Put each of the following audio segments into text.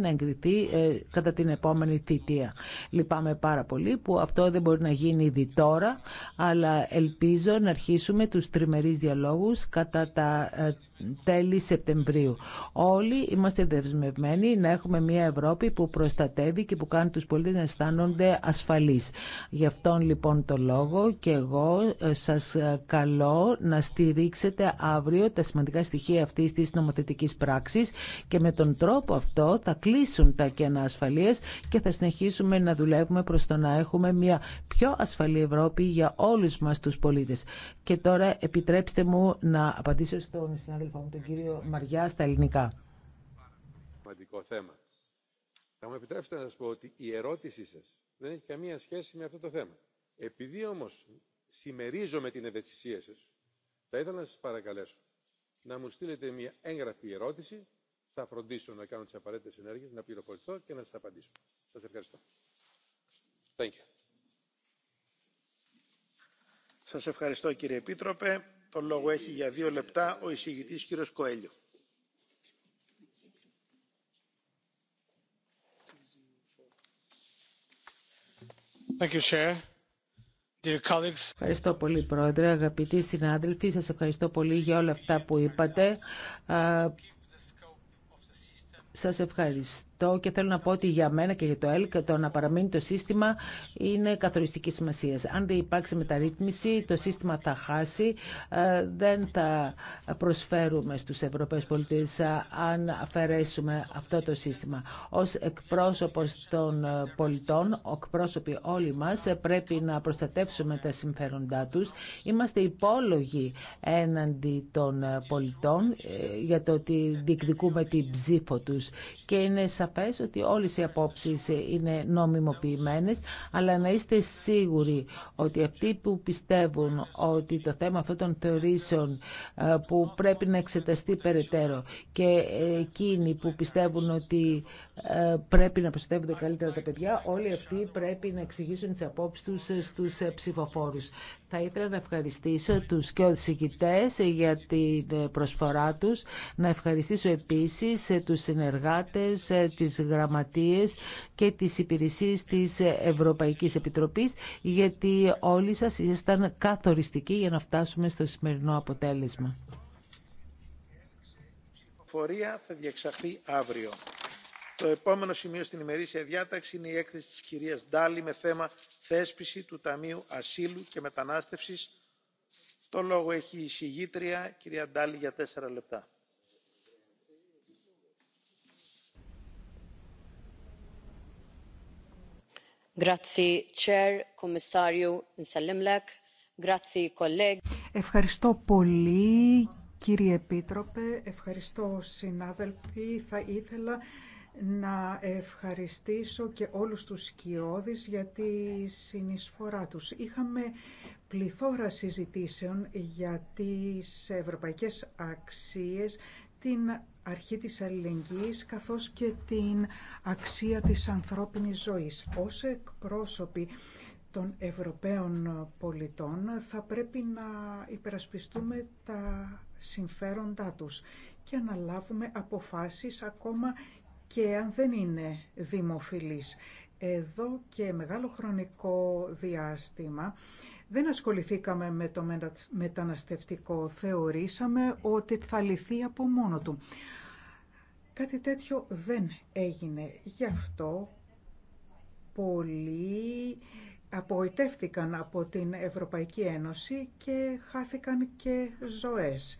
να εγκριθεί ε, κατά την επόμενη θητεία. Λυπάμαι πάρα πολύ που αυτό δεν μπορεί να γίνει ήδη τώρα, αλλά ελπίζω να αρχίσουμε τους τριμερείς διαλόγους κατά τα ε, τέλη Σεπτεμβρίου. Όλοι είμαστε δεσμευμένοι να έχουμε μια Ευρώπη που προστατεύει και που κάνει τους πολίτες να αισθάνονται ασφαλείς. Γι' αυτόν λοιπόν το λόγο και εγώ ε, σας ε, καλώ να στηρίξετε αύριο τα σημαντικά στοιχεία αυτής της νομοθετικής πράξης και με τον τρόπο αυτό θα κλείσουν τα κενά ασφαλείας και θα συνεχίσουμε να δουλεύουμε προς το να έχουμε μια πιο ασφαλή Ευρώπη για όλους μας τους πολίτες. Και τώρα επιτρέψτε μου να απαντήσω στον συνάδελφο συνάδελφό τον κύριο Μαριά, στα ελληνικά. Σημαντικό θέμα. Θα μου επιτρέψετε να σας πω ότι η ερώτησή σας δεν έχει καμία σχέση με αυτό το θέμα. Επειδή όμως συμμερίζομαι την ευαισθησία σας, θα ήθελα να σας παρακαλέσω να μου στείλετε μια έγγραφη ερώτηση. Θα φροντίσω να κάνω τις απαραίτητες ενέργειες, να πληροφορηθώ και να σας απαντήσω. Σας ευχαριστώ. Thank you. Σας ευχαριστώ κύριε Επίτροπε. Το λόγο έχει για δύο λεπτά ο εισηγητής κύριος Κοέλιο. Ευχαριστώ πολύ Πρόεδρε, αγαπητοί συνάδελφοι, σας ευχαριστώ πολύ για όλα αυτά που είπατε. Σας ευχαριστώ αυτό και θέλω να πω ότι για μένα και για το ΕΛΚ το να παραμείνει το σύστημα είναι καθοριστική σημασία. Αν δεν υπάρξει μεταρρύθμιση, το σύστημα θα χάσει, ε, δεν θα προσφέρουμε στους Ευρωπαίους πολίτες ε, αν αφαιρέσουμε αυτό το σύστημα. Ως εκπρόσωπος των ε, πολιτών, εκπρόσωποι όλοι μας πρέπει να προστατεύσουμε τα συμφέροντά τους. Είμαστε υπόλογοι έναντι των πολιτών για το ότι διεκδικούμε την ψήφο τους και είναι σαν σαφές ότι όλες οι απόψεις είναι νομιμοποιημένες, αλλά να είστε σίγουροι ότι αυτοί που πιστεύουν ότι το θέμα αυτών των θεωρήσεων ε, που πρέπει να εξεταστεί περαιτέρω και εκείνοι που πιστεύουν ότι ε, πρέπει να προστατεύονται καλύτερα τα παιδιά, όλοι αυτοί πρέπει να εξηγήσουν τις απόψεις τους στους ψηφοφόρου. Θα ήθελα να ευχαριστήσω τους και συγκητέ για την προσφορά τους, να ευχαριστήσω επίση τους συνεργάτες, τις γραμματείες και τις υπηρεσίες της Ευρωπαϊκής Επιτροπής γιατί όλοι σας ήσασταν καθοριστικοί για να φτάσουμε στο σημερινό αποτέλεσμα. ψηφοφορία θα διεξαχθεί αύριο. Το επόμενο σημείο στην ημερήσια διάταξη είναι η έκθεση της κυρίας Ντάλη με θέμα θέσπιση του Ταμείου Ασύλου και Μετανάστευσης. Το λόγο έχει η συγγήτρια, κυρία Ντάλη, για τέσσερα λεπτά. Ευχαριστώ πολύ κύριε Επίτροπε, ευχαριστώ συνάδελφοι. Θα ήθελα να ευχαριστήσω και όλους τους σκιώδεις για τη συνεισφορά τους. Είχαμε πληθώρα συζητήσεων για τις ευρωπαϊκές αξίες, την αρχή της αλληλεγγύης καθώς και την αξία της ανθρώπινης ζωής. Ως εκπρόσωποι των Ευρωπαίων πολιτών θα πρέπει να υπερασπιστούμε τα συμφέροντά τους και να λάβουμε αποφάσεις ακόμα και αν δεν είναι δημοφιλείς. Εδώ και μεγάλο χρονικό διάστημα δεν ασχοληθήκαμε με το μεταναστευτικό. Θεωρήσαμε ότι θα λυθεί από μόνο του. Κάτι τέτοιο δεν έγινε. Γι' αυτό πολλοί απογοητεύτηκαν από την Ευρωπαϊκή Ένωση και χάθηκαν και ζωές.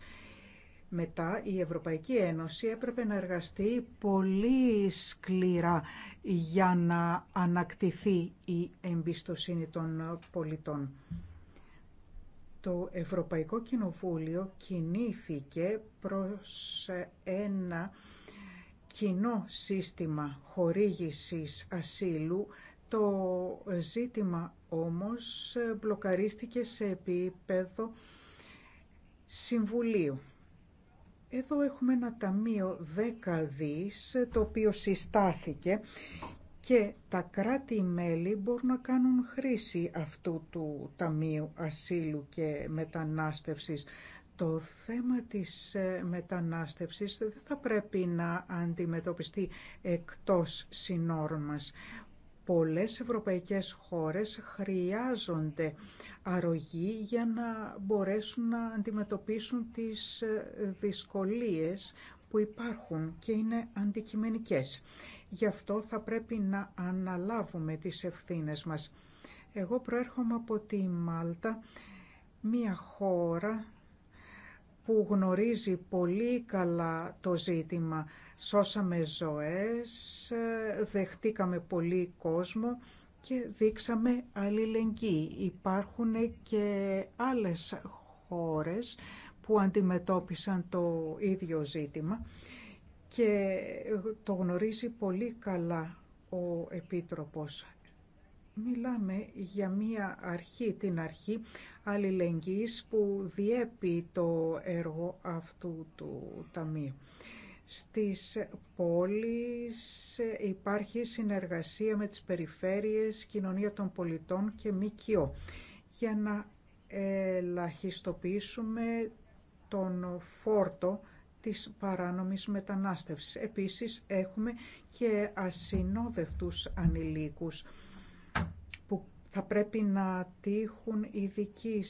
Μετά η Ευρωπαϊκή Ένωση έπρεπε να εργαστεί πολύ σκληρά για να ανακτηθεί η εμπιστοσύνη των πολιτών. Το Ευρωπαϊκό Κοινοβούλιο κινήθηκε προς ένα κοινό σύστημα χορήγησης ασύλου. Το ζήτημα όμως μπλοκαρίστηκε σε επίπεδο Συμβουλίου εδώ έχουμε ένα ταμείο 10 δις, το οποίο συστάθηκε και τα κράτη-μέλη μπορούν να κάνουν χρήση αυτού του Ταμείου Ασύλου και Μετανάστευσης. Το θέμα της ε, μετανάστευσης δεν θα πρέπει να αντιμετωπιστεί εκτός συνόρων μας. Πολλές ευρωπαϊκές χώρες χρειάζονται αρρωγή για να μπορέσουν να αντιμετωπίσουν τις ε, δυσκολίες που υπάρχουν και είναι αντικειμενικές. Γι' αυτό θα πρέπει να αναλάβουμε τις ευθύνες μας. Εγώ προέρχομαι από τη Μάλτα, μια χώρα που γνωρίζει πολύ καλά το ζήτημα. Σώσαμε ζωές, δεχτήκαμε πολύ κόσμο και δείξαμε αλληλεγγύη. Υπάρχουν και άλλες χώρες που αντιμετώπισαν το ίδιο ζήτημα και το γνωρίζει πολύ καλά ο Επίτροπος. Μιλάμε για μία αρχή, την αρχή αλληλεγγύης που διέπει το έργο αυτού του ταμείου. Στις πόλεις υπάρχει συνεργασία με τις περιφέρειες, κοινωνία των πολιτών και ΜΚΟ για να ελαχιστοποιήσουμε τον φόρτο της παράνομης μετανάστευσης. Επίσης έχουμε και ασυνόδευτους ανηλίκους θα πρέπει να τύχουν ειδική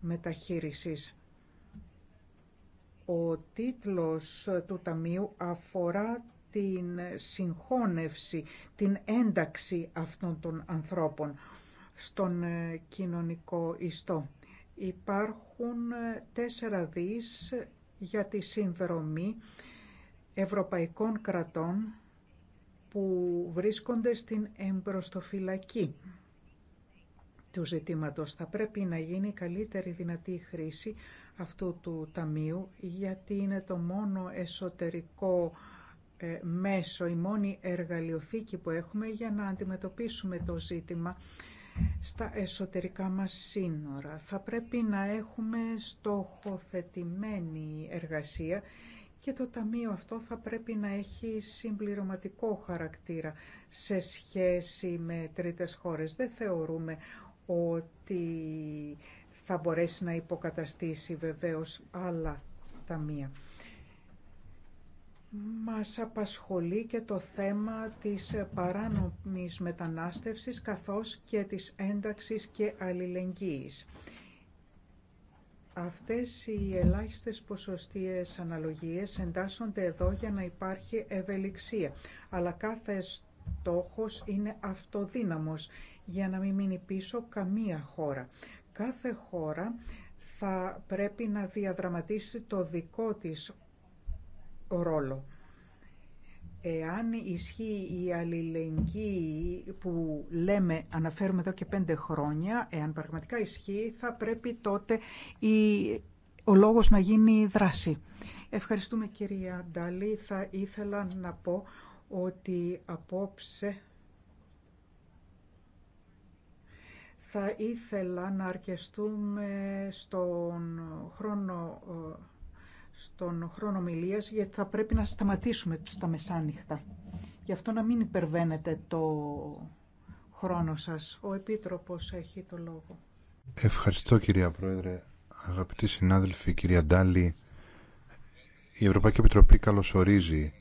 μεταχείρισης. Ο τίτλος του Ταμείου αφορά την συγχώνευση, την ένταξη αυτών των ανθρώπων στον ε, κοινωνικό ιστό. Υπάρχουν ε, τέσσερα δις για τη συνδρομή ευρωπαϊκών κρατών που βρίσκονται στην εμπροστοφυλακή του ζητήματος. Θα πρέπει να γίνει καλύτερη δυνατή χρήση αυτού του ταμείου γιατί είναι το μόνο εσωτερικό ε, μέσο, η μόνη εργαλειοθήκη που έχουμε για να αντιμετωπίσουμε το ζήτημα στα εσωτερικά μας σύνορα. Θα πρέπει να έχουμε στοχοθετημένη εργασία και το Ταμείο αυτό θα πρέπει να έχει συμπληρωματικό χαρακτήρα σε σχέση με τρίτες χώρες. Δεν θεωρούμε ότι θα μπορέσει να υποκαταστήσει βεβαίως άλλα ταμεία. Μας απασχολεί και το θέμα της παράνομης μετανάστευσης καθώς και της ένταξης και αλληλεγγύης. Αυτές οι ελάχιστες ποσοστίες αναλογίες εντάσσονται εδώ για να υπάρχει ευελιξία, αλλά κάθε στόχος είναι αυτοδύναμος για να μην μείνει πίσω καμία χώρα. Κάθε χώρα θα πρέπει να διαδραματίσει το δικό της ρόλο. Εάν ισχύει η αλληλεγγύη που λέμε, αναφέρουμε εδώ και πέντε χρόνια, εάν πραγματικά ισχύει, θα πρέπει τότε η, ο λόγος να γίνει δράση. Ευχαριστούμε κυρία Ντάλη. Θα ήθελα να πω ότι απόψε Θα ήθελα να αρκεστούμε στον χρόνο, ε, στον χρόνο μιλίας, γιατί θα πρέπει να σταματήσουμε στα μεσάνυχτα. Γι' αυτό να μην υπερβαίνετε το χρόνο σας. Ο Επίτροπος έχει το λόγο. Ευχαριστώ κυρία Πρόεδρε. Αγαπητοί συνάδελφοι, κυρία Ντάλη, η Ευρωπαϊκή Επιτροπή καλωσορίζει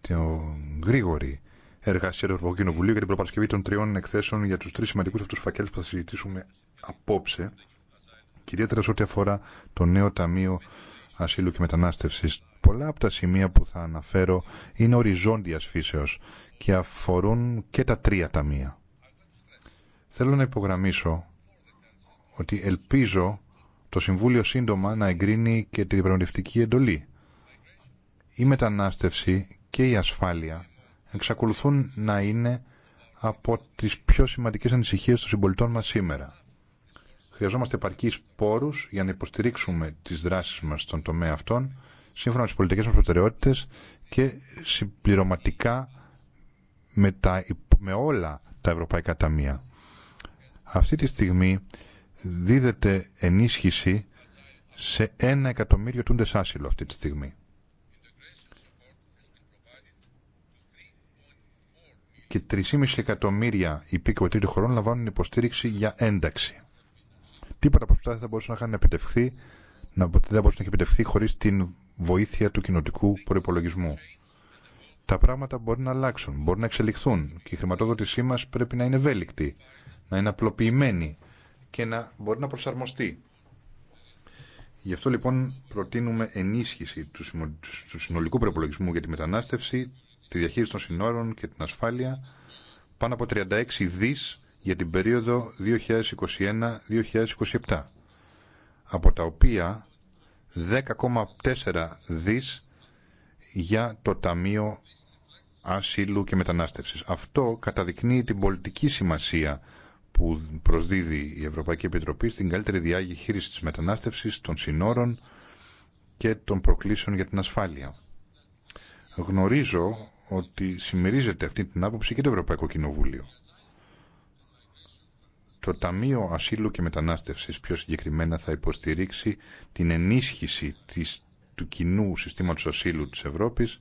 τον γρήγορη εργασία του Ευρωπαϊκού Κοινοβουλίου για την προπαρασκευή των τριών εκθέσεων για του τρει σημαντικού αυτού φακέλου που θα συζητήσουμε απόψε, και ιδιαίτερα ό,τι αφορά το νέο Ταμείο Ασύλου και Μετανάστευση. Πολλά από τα σημεία που θα αναφέρω είναι οριζόντια φύσεω και αφορούν και τα τρία ταμεία. Θέλω να υπογραμμίσω ότι ελπίζω το Συμβούλιο σύντομα να εγκρίνει και την διαπραγματευτική εντολή. Η μετανάστευση και η ασφάλεια εξακολουθούν να είναι από τις πιο σημαντικές ανησυχίες των συμπολιτών μας σήμερα. Χρειαζόμαστε επαρκείς πόρους για να υποστηρίξουμε τις δράσεις μας στον τομέα αυτών, σύμφωνα με τις πολιτικές μας προτεραιότητες και συμπληρωματικά με, τα, με όλα τα ευρωπαϊκά ταμεία. Αυτή τη στιγμή δίδεται ενίσχυση σε ένα εκατομμύριο τούντες άσυλο αυτή τη στιγμή. και 3,5 εκατομμύρια υπήκοοι τρίτου χωρών λαμβάνουν υποστήριξη για ένταξη. Τίποτα από αυτά δεν θα μπορούσε να επιτευχθεί, να, δεν να έχει επιτευχθεί χωρί την βοήθεια του κοινοτικού προπολογισμού. Τα πράγματα μπορεί να αλλάξουν, μπορεί να εξελιχθούν και η χρηματοδότησή μα πρέπει να είναι ευέλικτη, να είναι απλοποιημένη και να μπορεί να προσαρμοστεί. Γι' αυτό λοιπόν προτείνουμε ενίσχυση του συνολικού προπολογισμού για τη μετανάστευση τη διαχείριση των συνόρων και την ασφάλεια πάνω από 36 δις για την περίοδο 2021-2027 από τα οποία 10,4 δις για το Ταμείο Ασύλου και Μετανάστευσης. Αυτό καταδεικνύει την πολιτική σημασία που προσδίδει η Ευρωπαϊκή Επιτροπή στην καλύτερη διάγηση της μετανάστευσης, των συνόρων και των προκλήσεων για την ασφάλεια. Γνωρίζω ότι συμμερίζεται αυτή την άποψη και το Ευρωπαϊκό Κοινοβούλιο. Το Ταμείο Ασύλου και Μετανάστευσης πιο συγκεκριμένα θα υποστηρίξει την ενίσχυση της, του κοινού συστήματος ασύλου της Ευρώπης,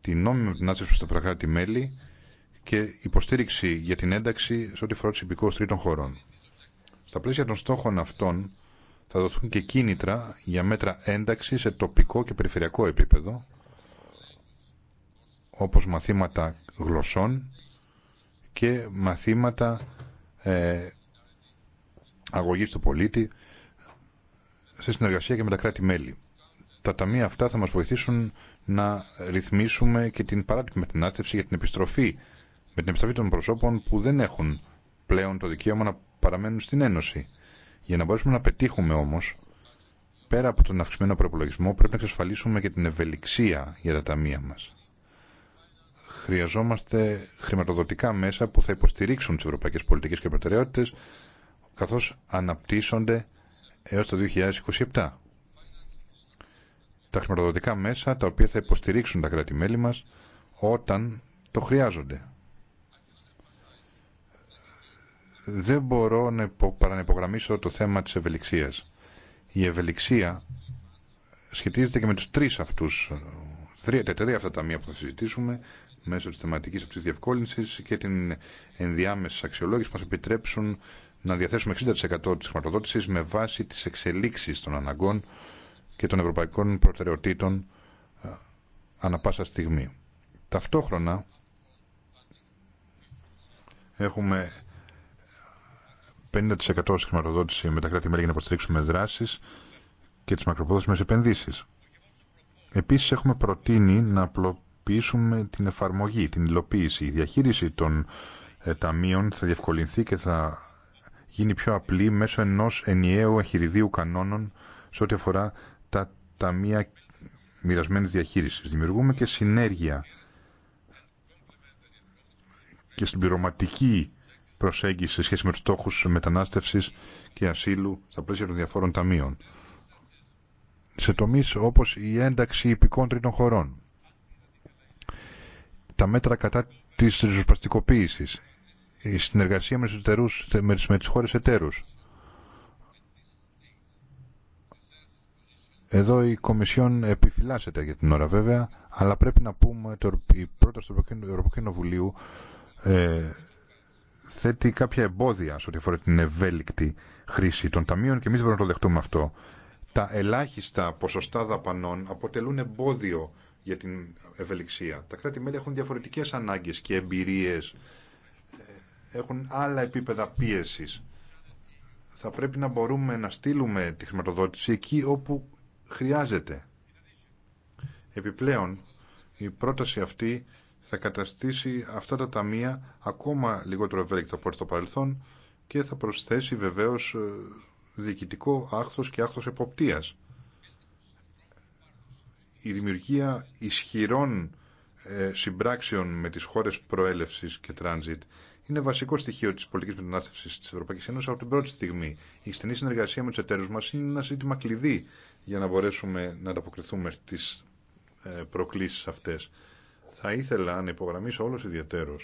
την νόμιμη μετανάστευση στα στα μελη και υποστήριξη για την ένταξη σε ό,τι φορά του τρίτων χωρών. Στα πλαίσια των στόχων αυτών θα δοθούν και κίνητρα για μέτρα ένταξη σε τοπικό και περιφερειακό επίπεδο, όπως μαθήματα γλωσσών και μαθήματα ε, αγωγής του πολίτη σε συνεργασία και με τα κράτη-μέλη. Τα ταμεία αυτά θα μας βοηθήσουν να ρυθμίσουμε και την παράτυπη μετανάστευση για την επιστροφή, με την επιστροφή των προσώπων που δεν έχουν πλέον το δικαίωμα να παραμένουν στην Ένωση. Για να μπορέσουμε να πετύχουμε όμως, πέρα από τον αυξημένο προπολογισμό, πρέπει να εξασφαλίσουμε και την ευελιξία για τα ταμεία μας. Χρειαζόμαστε χρηματοδοτικά μέσα που θα υποστηρίξουν τις ευρωπαϊκές πολιτικές και προτεραιότητες καθώς αναπτύσσονται έως το 2027. Τα χρηματοδοτικά μέσα τα οποία θα υποστηρίξουν τα κράτη-μέλη μας όταν το χρειάζονται. Δεν μπορώ να υπογραμμίσω το θέμα της ευελιξίας. Η ευελιξία σχετίζεται και με τους τρεις αυτούς, τρία, τετρία αυτά τα μία που θα συζητήσουμε, μέσω της θεματικής αυτής διευκόλυνσης και την ενδιάμεση αξιολόγηση μας επιτρέψουν να διαθέσουμε 60% της χρηματοδότησης με βάση τις εξελίξεις των αναγκών και των ευρωπαϊκών προτεραιοτήτων ε, ανα πάσα στιγμή. Ταυτόχρονα έχουμε 50% χρηματοδότηση με τα κράτη-μέλη για να υποστηρίξουμε δράσεις και τις μακροπρόθεσμες επενδύσεις. Επίσης έχουμε προτείνει να απλοποιήσουμε απλοποιήσουμε την εφαρμογή, την υλοποίηση. Η διαχείριση των ε, ταμείων θα διευκολυνθεί και θα γίνει πιο απλή μέσω ενός ενιαίου εγχειριδίου κανόνων σε ό,τι αφορά τα ταμεία μοιρασμένης διαχείριση. Δημιουργούμε και συνέργεια και συμπληρωματική προσέγγιση σε σχέση με τους στόχους μετανάστευσης και ασύλου στα πλαίσια των διαφόρων ταμείων. Σε τομείς όπως η ένταξη υπηκών τρίτων χωρών, τα μέτρα κατά τη ριζοσπαστικοποίηση, η συνεργασία με τι εταιρού, με τις, χώρες Εδώ η Κομισιόν επιφυλάσσεται για την ώρα βέβαια, αλλά πρέπει να πούμε ότι η πρόταση του Ευρωπαϊκού Κοινοβουλίου ε, θέτει κάποια εμπόδια σε ό,τι αφορά την ευέλικτη χρήση των ταμείων και εμεί δεν μπορούμε να το δεχτούμε αυτό. Τα ελάχιστα ποσοστά δαπανών αποτελούν εμπόδιο για την ευελιξία. Τα κράτη-μέλη έχουν διαφορετικές ανάγκες και εμπειρίες, ε, έχουν άλλα επίπεδα πίεσης. Θα πρέπει να μπορούμε να στείλουμε τη χρηματοδότηση εκεί όπου χρειάζεται. Επιπλέον, η πρόταση αυτή θα καταστήσει αυτά τα ταμεία ακόμα λιγότερο ευέλικτα από στο παρελθόν και θα προσθέσει βεβαίως ε, διοικητικό άχθος και άχθος εποπτείας η δημιουργία ισχυρών ε, συμπράξεων με τις χώρες προέλευσης και τράνζιτ είναι βασικό στοιχείο της πολιτικής μετανάστευσης της Ευρωπαϊκής Ένωσης από την πρώτη στιγμή. Η στενή συνεργασία με τους εταίρους μας είναι ένα ζήτημα κλειδί για να μπορέσουμε να ανταποκριθούμε στι ε, προκλήσεις αυτές. Θα ήθελα να υπογραμμίσω όλος ιδιαίτερω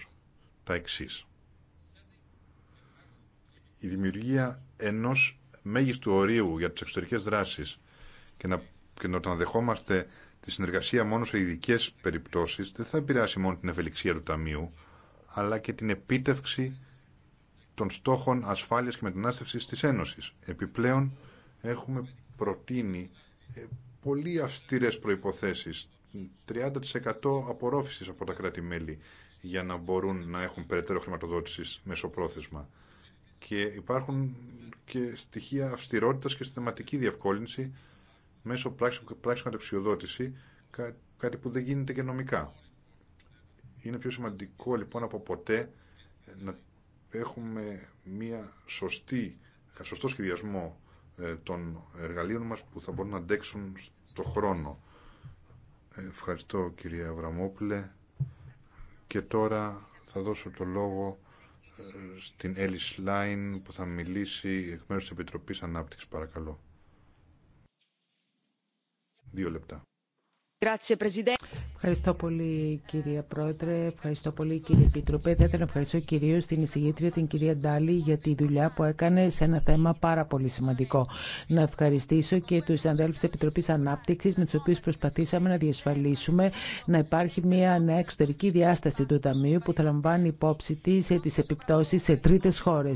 τα εξή. Η δημιουργία ενός μέγιστου ορίου για τις εξωτερικές δράσεις και να, και να δεχόμαστε τη συνεργασία μόνο σε ειδικέ περιπτώσει δεν θα επηρεάσει μόνο την ευελιξία του Ταμείου, αλλά και την επίτευξη των στόχων ασφάλεια και μετανάστευση τη Ένωση. Επιπλέον, έχουμε προτείνει ε, πολύ αυστηρέ προποθέσει, 30% απορρόφησης από τα κράτη-μέλη για να μπορούν να έχουν περαιτέρω χρηματοδότηση μεσοπρόθεσμα. Και υπάρχουν και στοιχεία αυστηρότητας και συστηματική διευκόλυνση μέσω πράξης και κατεξιοδότηση, κά, κάτι που δεν γίνεται και νομικά. Είναι πιο σημαντικό λοιπόν από ποτέ ε, να έχουμε μια σωστή, σωστό σχεδιασμό ε, των εργαλείων μας που θα μπορούν να αντέξουν στο χρόνο. Ε, ευχαριστώ κυρία Αβραμόπουλε και τώρα θα δώσω το λόγο στην Έλλη Σλάιν που θα μιλήσει εκ μέρους της Επιτροπής Ανάπτυξης. Παρακαλώ. Δύο λεπτά. Ευχαριστώ πολύ κύριε Πρόεδρε, ευχαριστώ πολύ κύριε Επίτροπε. Θα ήθελα να ευχαριστώ κυρίω την εισηγήτρια, την κυρία Ντάλη, για τη δουλειά που έκανε σε ένα θέμα πάρα πολύ σημαντικό. Να ευχαριστήσω και του συναδέλφου τη Επιτροπή Ανάπτυξη, με του οποίου προσπαθήσαμε να διασφαλίσουμε να υπάρχει μια νέα εξωτερική διάσταση του Ταμείου που θα λαμβάνει υπόψη τη ε, τι επιπτώσει σε τρίτε χώρε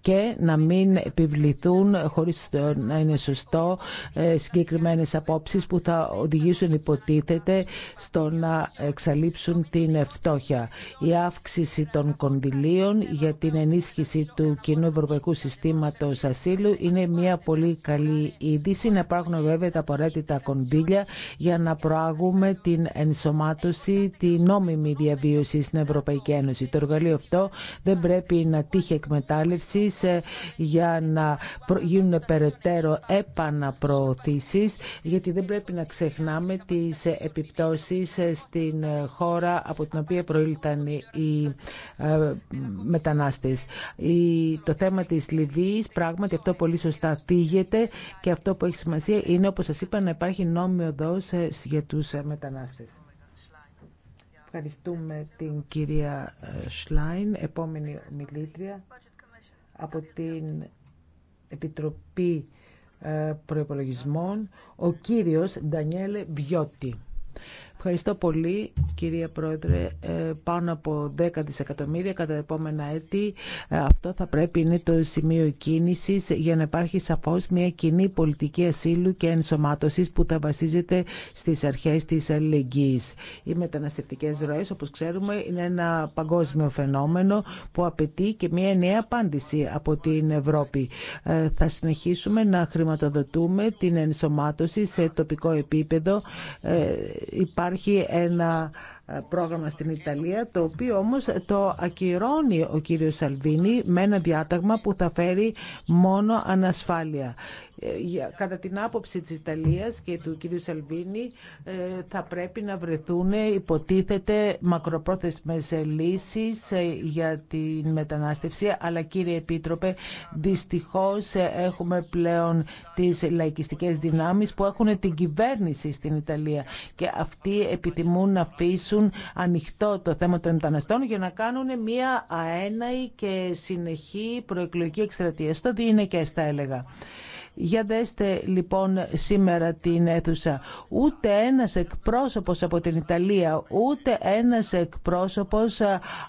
και να μην επιβληθούν, ε, χωρί να είναι σωστό, ε, συγκεκριμένε απόψει που θα οδηγήσουν υποτίθεται στο να εξαλείψουν την φτώχεια. Η αύξηση των κονδυλίων για την ενίσχυση του κοινού ευρωπαϊκού συστήματος ασύλου είναι μια πολύ καλή είδηση. Να υπάρχουν βέβαια τα απαραίτητα κονδύλια για να προάγουμε την ενσωμάτωση, την νόμιμη διαβίωση στην Ευρωπαϊκή Ένωση. Το εργαλείο αυτό δεν πρέπει να τύχει εκμετάλλευση για να γίνουν περαιτέρω επαναπροωθήσεις γιατί δεν πρέπει να ξεχνάμε τις επιπτώσει στην χώρα από την οποία προήλθαν οι ε, μετανάστες. Το θέμα της Λιβύης, πράγματι αυτό πολύ σωστά θίγεται και αυτό που έχει σημασία είναι, όπως σας είπα, να υπάρχει νόμιο δόσης ε, για τους ε, μετανάστες. Ευχαριστούμε την κυρία Σλάιν, επόμενη μιλήτρια από την Επιτροπή Προϋπολογισμών, ο κύριος Ντανιέλε Βιώτη. Ευχαριστώ πολύ κυρία Πρόεδρε. Ε, πάνω από 10 δισεκατομμύρια κατά τα επόμενα έτη. Ε, αυτό θα πρέπει είναι το σημείο κίνηση για να υπάρχει σαφώ μια κοινή πολιτική ασύλου και ενσωμάτωση που θα βασίζεται στι αρχέ τη αλληλεγγύη. Οι μεταναστευτικέ ροέ, όπω ξέρουμε είναι ένα παγκόσμιο φαινόμενο που απαιτεί και μια νέα απάντηση από την Ευρώπη. Ε, θα συνεχίσουμε να χρηματοδοτούμε την ενσωμάτωση σε τοπικό επίπεδο υπάρχει ένα πρόγραμμα στην Ιταλία, το οποίο όμως το ακυρώνει ο κύριος Σαλβίνη με ένα διάταγμα που θα φέρει μόνο ανασφάλεια. Ε, κατά την άποψη της Ιταλίας και του κύριου Σαλβίνη ε, θα πρέπει να βρεθούν ε, υποτίθεται μακροπρόθεσμες λύσεις για την μετανάστευση αλλά κύριε Επίτροπε δυστυχώς έχουμε πλέον τις λαϊκιστικές δυνάμεις που έχουν την κυβέρνηση στην Ιταλία και αυτοί επιθυμούν να αφήσουν ανοιχτό το θέμα των μεταναστών για να κάνουν μια αέναη και συνεχή προεκλογική εκστρατεία. Στο και θα έλεγα. Για δέστε λοιπόν σήμερα την αίθουσα. Ούτε ένας εκπρόσωπος από την Ιταλία, ούτε ένας εκπρόσωπος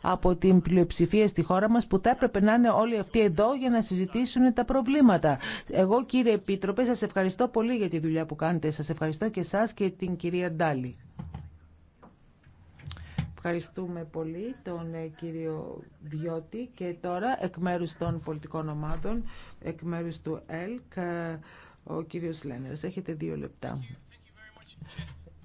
από την πλειοψηφία στη χώρα μας που θα έπρεπε να είναι όλοι αυτοί εδώ για να συζητήσουν τα προβλήματα. Εγώ κύριε Επίτροπε σας ευχαριστώ πολύ για τη δουλειά που κάνετε. Σας ευχαριστώ και εσάς και την κυρία Ντάλη. Ευχαριστούμε πολύ τον ε, κύριο Βιώτη και τώρα εκ μέρους των πολιτικών ομάδων, εκ μέρους του ΕΛΚ, ε, ο κύριος Λένερς. Έχετε δύο λεπτά.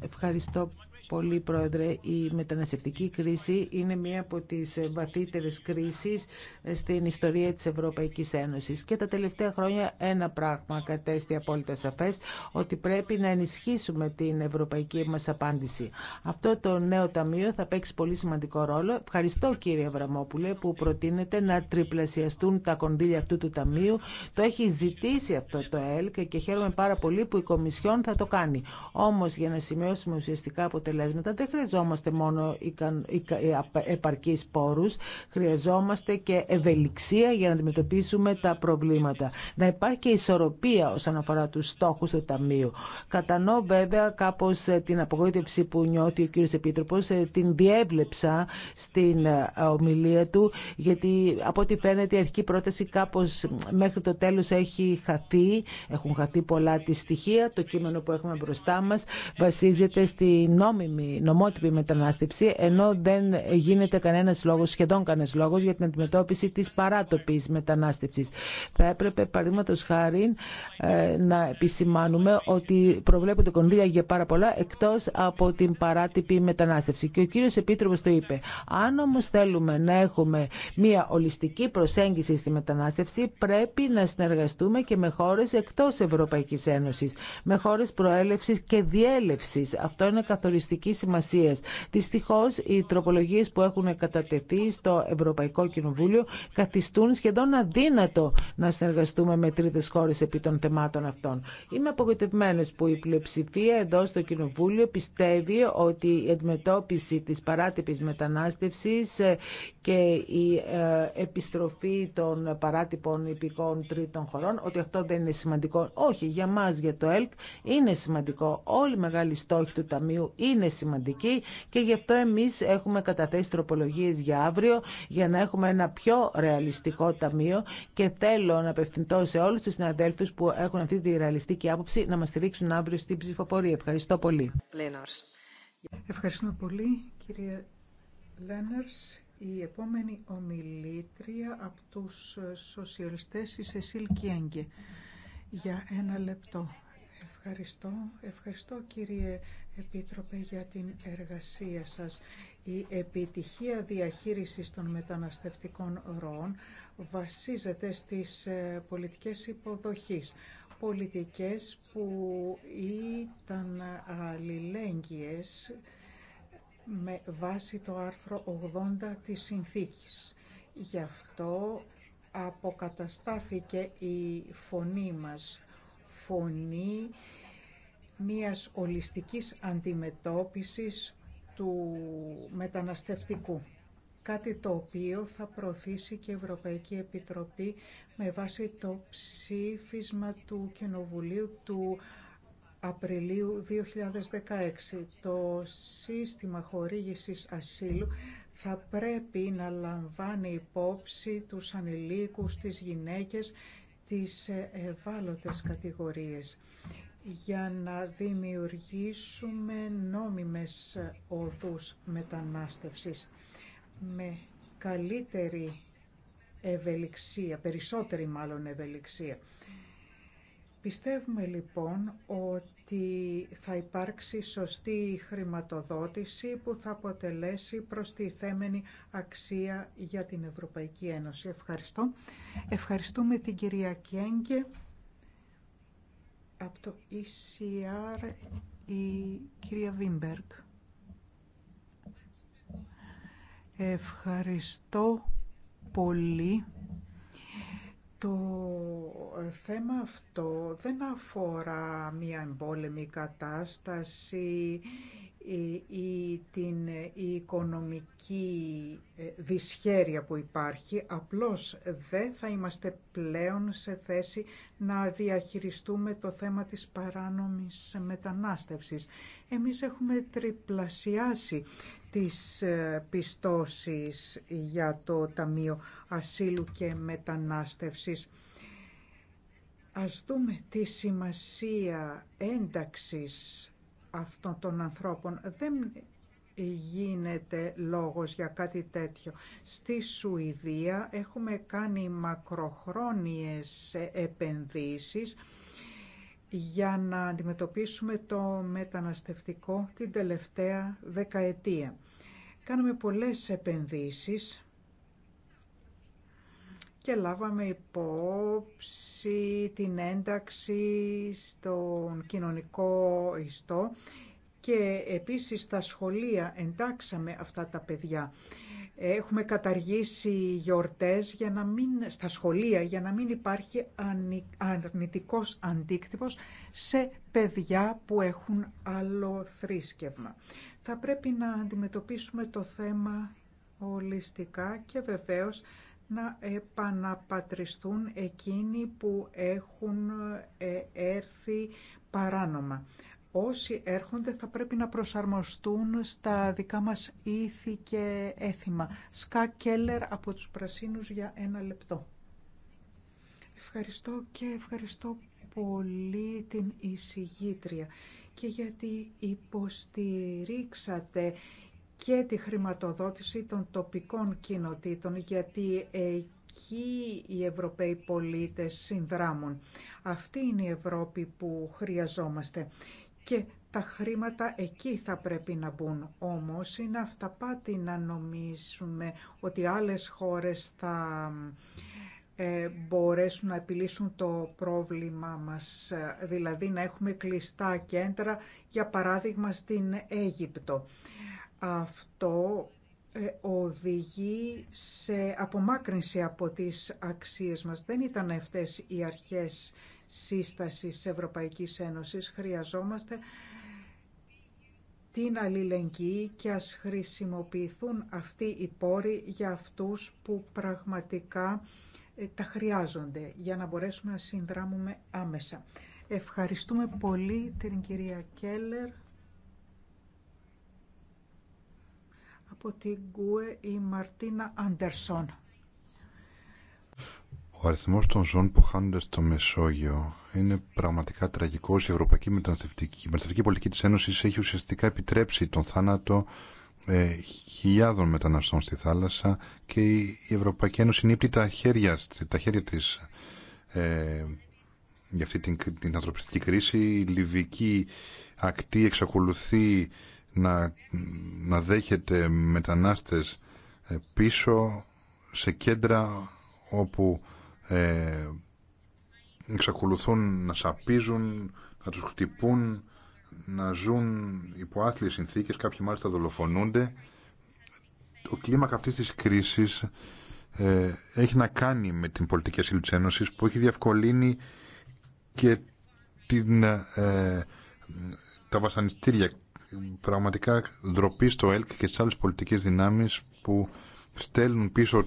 Ευχαριστώ πολύ, Πρόεδρε. Η μεταναστευτική κρίση είναι μία από τις βαθύτερες κρίσεις στην ιστορία της Ευρωπαϊκής Ένωσης. Και τα τελευταία χρόνια ένα πράγμα κατέστη απόλυτα σαφές, ότι πρέπει να ενισχύσουμε την ευρωπαϊκή μας απάντηση. Αυτό το νέο ταμείο θα παίξει πολύ σημαντικό ρόλο. Ευχαριστώ κύριε Βραμόπουλε που προτείνετε να τριπλασιαστούν τα κονδύλια αυτού του ταμείου. Το έχει ζητήσει αυτό το ΕΛΚ και χαίρομαι πάρα πολύ που η Κομισιόν θα το κάνει. Όμως για να σημειώσουμε ουσιαστικά αποτελέσματα αποτελέσματα. Δεν χρειαζόμαστε μόνο ε, επαρκή πόρους, χρειαζόμαστε και ευελιξία για να αντιμετωπίσουμε τα προβλήματα. Να υπάρχει και ισορροπία όσον αφορά τους στόχους του Ταμείου. Κατανοώ βέβαια κάπως ε, την απογοήτευση που νιώθει ο κύριος Επίτροπος, ε, την διέβλεψα στην ομιλία του, γιατί από ό,τι φαίνεται η αρχική πρόταση κάπως μέχρι το τέλος έχει χαθεί, έχουν χαθεί πολλά τη στοιχεία. Το κείμενο που έχουμε μπροστά μας βασίζεται στη νόμιμη νόμιμη, νομότυπη μετανάστευση, ενώ δεν γίνεται κανένα λόγο, σχεδόν κανένα λόγο για την αντιμετώπιση τη παράτοπης μετανάστευση. Θα έπρεπε, παραδείγματο χάρη, ε, να επισημάνουμε ότι προβλέπονται κονδύλια για πάρα πολλά εκτό από την παράτυπη μετανάστευση. Και ο κύριο Επίτροπο το είπε. Αν όμω θέλουμε να έχουμε μια ολιστική προσέγγιση στη μετανάστευση, πρέπει να συνεργαστούμε και με χώρε εκτό Ευρωπαϊκή Ένωση, με χώρε προέλευση και διέλευση. Αυτό είναι καθοριστικό στρατηγική σημασία. Δυστυχώ, οι τροπολογίε που έχουν κατατεθεί στο Ευρωπαϊκό Κοινοβούλιο καθιστούν σχεδόν αδύνατο να συνεργαστούμε με τρίτε χώρε επί των θεμάτων αυτών. Είμαι απογοητευμένο που η πλειοψηφία εδώ στο Κοινοβούλιο πιστεύει ότι η αντιμετώπιση τη παράτυπη μετανάστευση και η ε, επιστροφή των παράτυπων υπηκών τρίτων χωρών, ότι αυτό δεν είναι σημαντικό. Όχι, για μα, για το ΕΛΚ, είναι σημαντικό. Όλοι οι μεγάλοι στόχοι του Ταμείου είναι είναι σημαντική και γι' αυτό εμείς έχουμε καταθέσει τροπολογίες για αύριο για να έχουμε ένα πιο ρεαλιστικό ταμείο και θέλω να απευθυντώ σε όλους τους συναδέλφους που έχουν αυτή τη ρεαλιστική άποψη να μας στηρίξουν αύριο στην ψηφοφορία. Ευχαριστώ πολύ. Ευχαριστώ πολύ κύριε Λένερς. Η επόμενη ομιλήτρια από τους σοσιαλιστές η Σεσίλ Κιέγκε Για ένα λεπτό. Ευχαριστώ. Ευχαριστώ κύριε Επίτροπε, για την εργασία σας. Η επιτυχία διαχείρισης των μεταναστευτικών ροών βασίζεται στις ε, πολιτικές υποδοχής. Πολιτικές που ήταν αλληλέγγυες με βάση το άρθρο 80 της Συνθήκης. Γι' αυτό αποκαταστάθηκε η φωνή μας, φωνή μίας ολιστικής αντιμετώπισης του μεταναστευτικού. Κάτι το οποίο θα προωθήσει και η Ευρωπαϊκή Επιτροπή με βάση το ψήφισμα του Κοινοβουλίου του Απριλίου 2016. Το σύστημα χορήγησης ασύλου θα πρέπει να λαμβάνει υπόψη τους ανηλίκους, τις γυναίκες, τις ευάλωτες κατηγορίες για να δημιουργήσουμε νόμιμες οδούς μετανάστευσης με καλύτερη ευελιξία, περισσότερη μάλλον ευελιξία. Πιστεύουμε λοιπόν ότι θα υπάρξει σωστή χρηματοδότηση που θα αποτελέσει τη θέμενη αξία για την Ευρωπαϊκή Ένωση. Ευχαριστώ. Ευχαριστούμε την κυρία Κιέγκε. Από το ECR η κυρία Βίμπεργκ. Ευχαριστώ πολύ. Το ε, θέμα αυτό δεν αφορά μια εμπόλεμη κατάσταση ή την οικονομική ε, δυσχέρεια που υπάρχει, απλώς δεν θα είμαστε πλέον σε θέση να διαχειριστούμε το θέμα της παράνομης μετανάστευσης. Εμείς έχουμε τριπλασιάσει τις ε, πιστώσεις για το Ταμείο Ασύλου και Μετανάστευσης. Ας δούμε τη σημασία ένταξης αυτών των ανθρώπων. Δεν γίνεται λόγος για κάτι τέτοιο. Στη Σουηδία έχουμε κάνει μακροχρόνιες επενδύσεις για να αντιμετωπίσουμε το μεταναστευτικό την τελευταία δεκαετία. Κάνουμε πολλές επενδύσεις και λάβαμε υπόψη την ένταξη στον κοινωνικό ιστό και επίσης στα σχολεία εντάξαμε αυτά τα παιδιά. Έχουμε καταργήσει γιορτές για να μην, στα σχολεία για να μην υπάρχει αρνητικός αντίκτυπος σε παιδιά που έχουν άλλο θρήσκευμα. Θα πρέπει να αντιμετωπίσουμε το θέμα ολιστικά και βεβαίως να επαναπατριστούν εκείνοι που έχουν ε, έρθει παράνομα. Όσοι έρχονται θα πρέπει να προσαρμοστούν στα δικά μας ήθη και έθιμα. Σκά Κέλλερ από τους Πρασίνους για ένα λεπτό. Ευχαριστώ και ευχαριστώ πολύ την εισηγήτρια και γιατί υποστηρίξατε και τη χρηματοδότηση των τοπικών κοινοτήτων, γιατί εκεί οι Ευρωπαίοι πολίτες συνδράμουν. Αυτή είναι η Ευρώπη που χρειαζόμαστε και τα χρήματα εκεί θα πρέπει να μπουν. Όμως είναι αυταπάτη να νομίσουμε ότι άλλες χώρες θα ε, μπορέσουν να επιλύσουν το πρόβλημα μας, δηλαδή να έχουμε κλειστά κέντρα, για παράδειγμα στην Αίγυπτο. Αυτό ε, οδηγεί σε απομάκρυνση από τις αξίες μας. Δεν ήταν αυτές οι αρχές σύστασης Ευρωπαϊκής Ένωσης. Χρειαζόμαστε την αλληλεγγύη και ας χρησιμοποιηθούν αυτοί οι πόροι για αυτούς που πραγματικά ε, τα χρειάζονται για να μπορέσουμε να συνδράμουμε άμεσα. Ευχαριστούμε πολύ την κυρία Κέλλερ. Από η Μαρτίνα Αντερσόν. Ο αριθμό των ζώων που χάνονται στο Μεσόγειο είναι πραγματικά τραγικό. Η Ευρωπαϊκή Μεταναστευτική, μεταναστευτική Πολιτική τη Ένωση έχει ουσιαστικά επιτρέψει τον θάνατο ε, χιλιάδων μεταναστών στη θάλασσα και η Ευρωπαϊκή Ένωση νύπτει τα χέρια, τα χέρια της ε, για αυτή την, την ανθρωπιστική κρίση. Η Λιβική ακτή εξακολουθεί να, να δέχεται μετανάστες ε, πίσω σε κέντρα όπου ε, εξακολουθούν να σαπίζουν, να τους χτυπούν, να ζουν υπό άθλιες συνθήκες, κάποιοι μάλιστα δολοφονούνται. Το κλίμακα αυτής της κρίσης ε, έχει να κάνει με την πολιτική ασύλου της Ένωσης που έχει διευκολύνει και την, ε, τα βασανιστήρια πραγματικά ντροπή στο ΕΛΚ και στις άλλες πολιτικές δυνάμεις που στέλνουν πίσω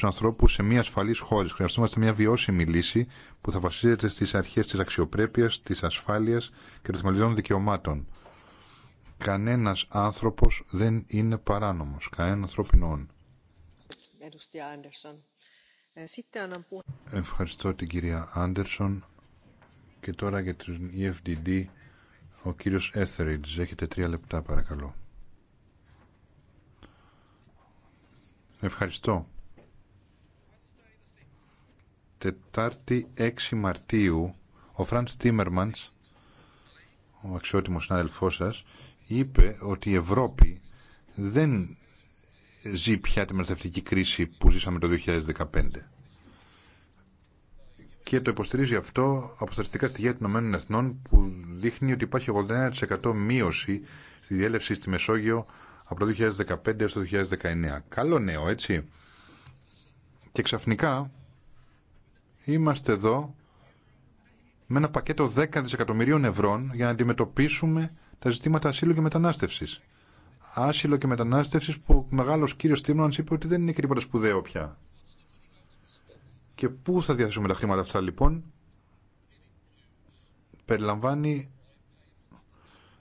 του ανθρώπους σε μια ασφαλή χώρα. Χρειαζόμαστε μια βιώσιμη λύση που θα βασίζεται στις αρχές της αξιοπρέπειας, της ασφάλειας και των θεμελιωδών δικαιωμάτων. Κανένας άνθρωπος δεν είναι παράνομος. Κανένα ανθρώπινο ε, Ευχαριστώ την κυρία Άντερσον και τώρα για την EFDD ο κύριος Έθεριτζ, έχετε τρία λεπτά παρακαλώ. Ευχαριστώ. Τετάρτη 6 Μαρτίου, ο φραντ Τίμερμανς, ο αξιότιμος συνάδελφός σας, είπε ότι η Ευρώπη δεν ζει πια τη μεταναστευτική κρίση που ζήσαμε το 2015 και το υποστηρίζει αυτό από στατιστικά στοιχεία των ΗΕ Εθνών που δείχνει ότι υπάρχει 81% μείωση στη διέλευση στη Μεσόγειο από το 2015 έως το 2019. Καλό νέο, έτσι. Και ξαφνικά είμαστε εδώ με ένα πακέτο 10 δισεκατομμυρίων ευρώ για να αντιμετωπίσουμε τα ζητήματα ασύλου και μετανάστευση, Άσυλο και μετανάστευση που ο μεγάλο κύριο Τίμωνα είπε ότι δεν είναι και τίποτα σπουδαίο πια. Και πού θα διαθέσουμε τα χρήματα αυτά λοιπόν. Περιλαμβάνει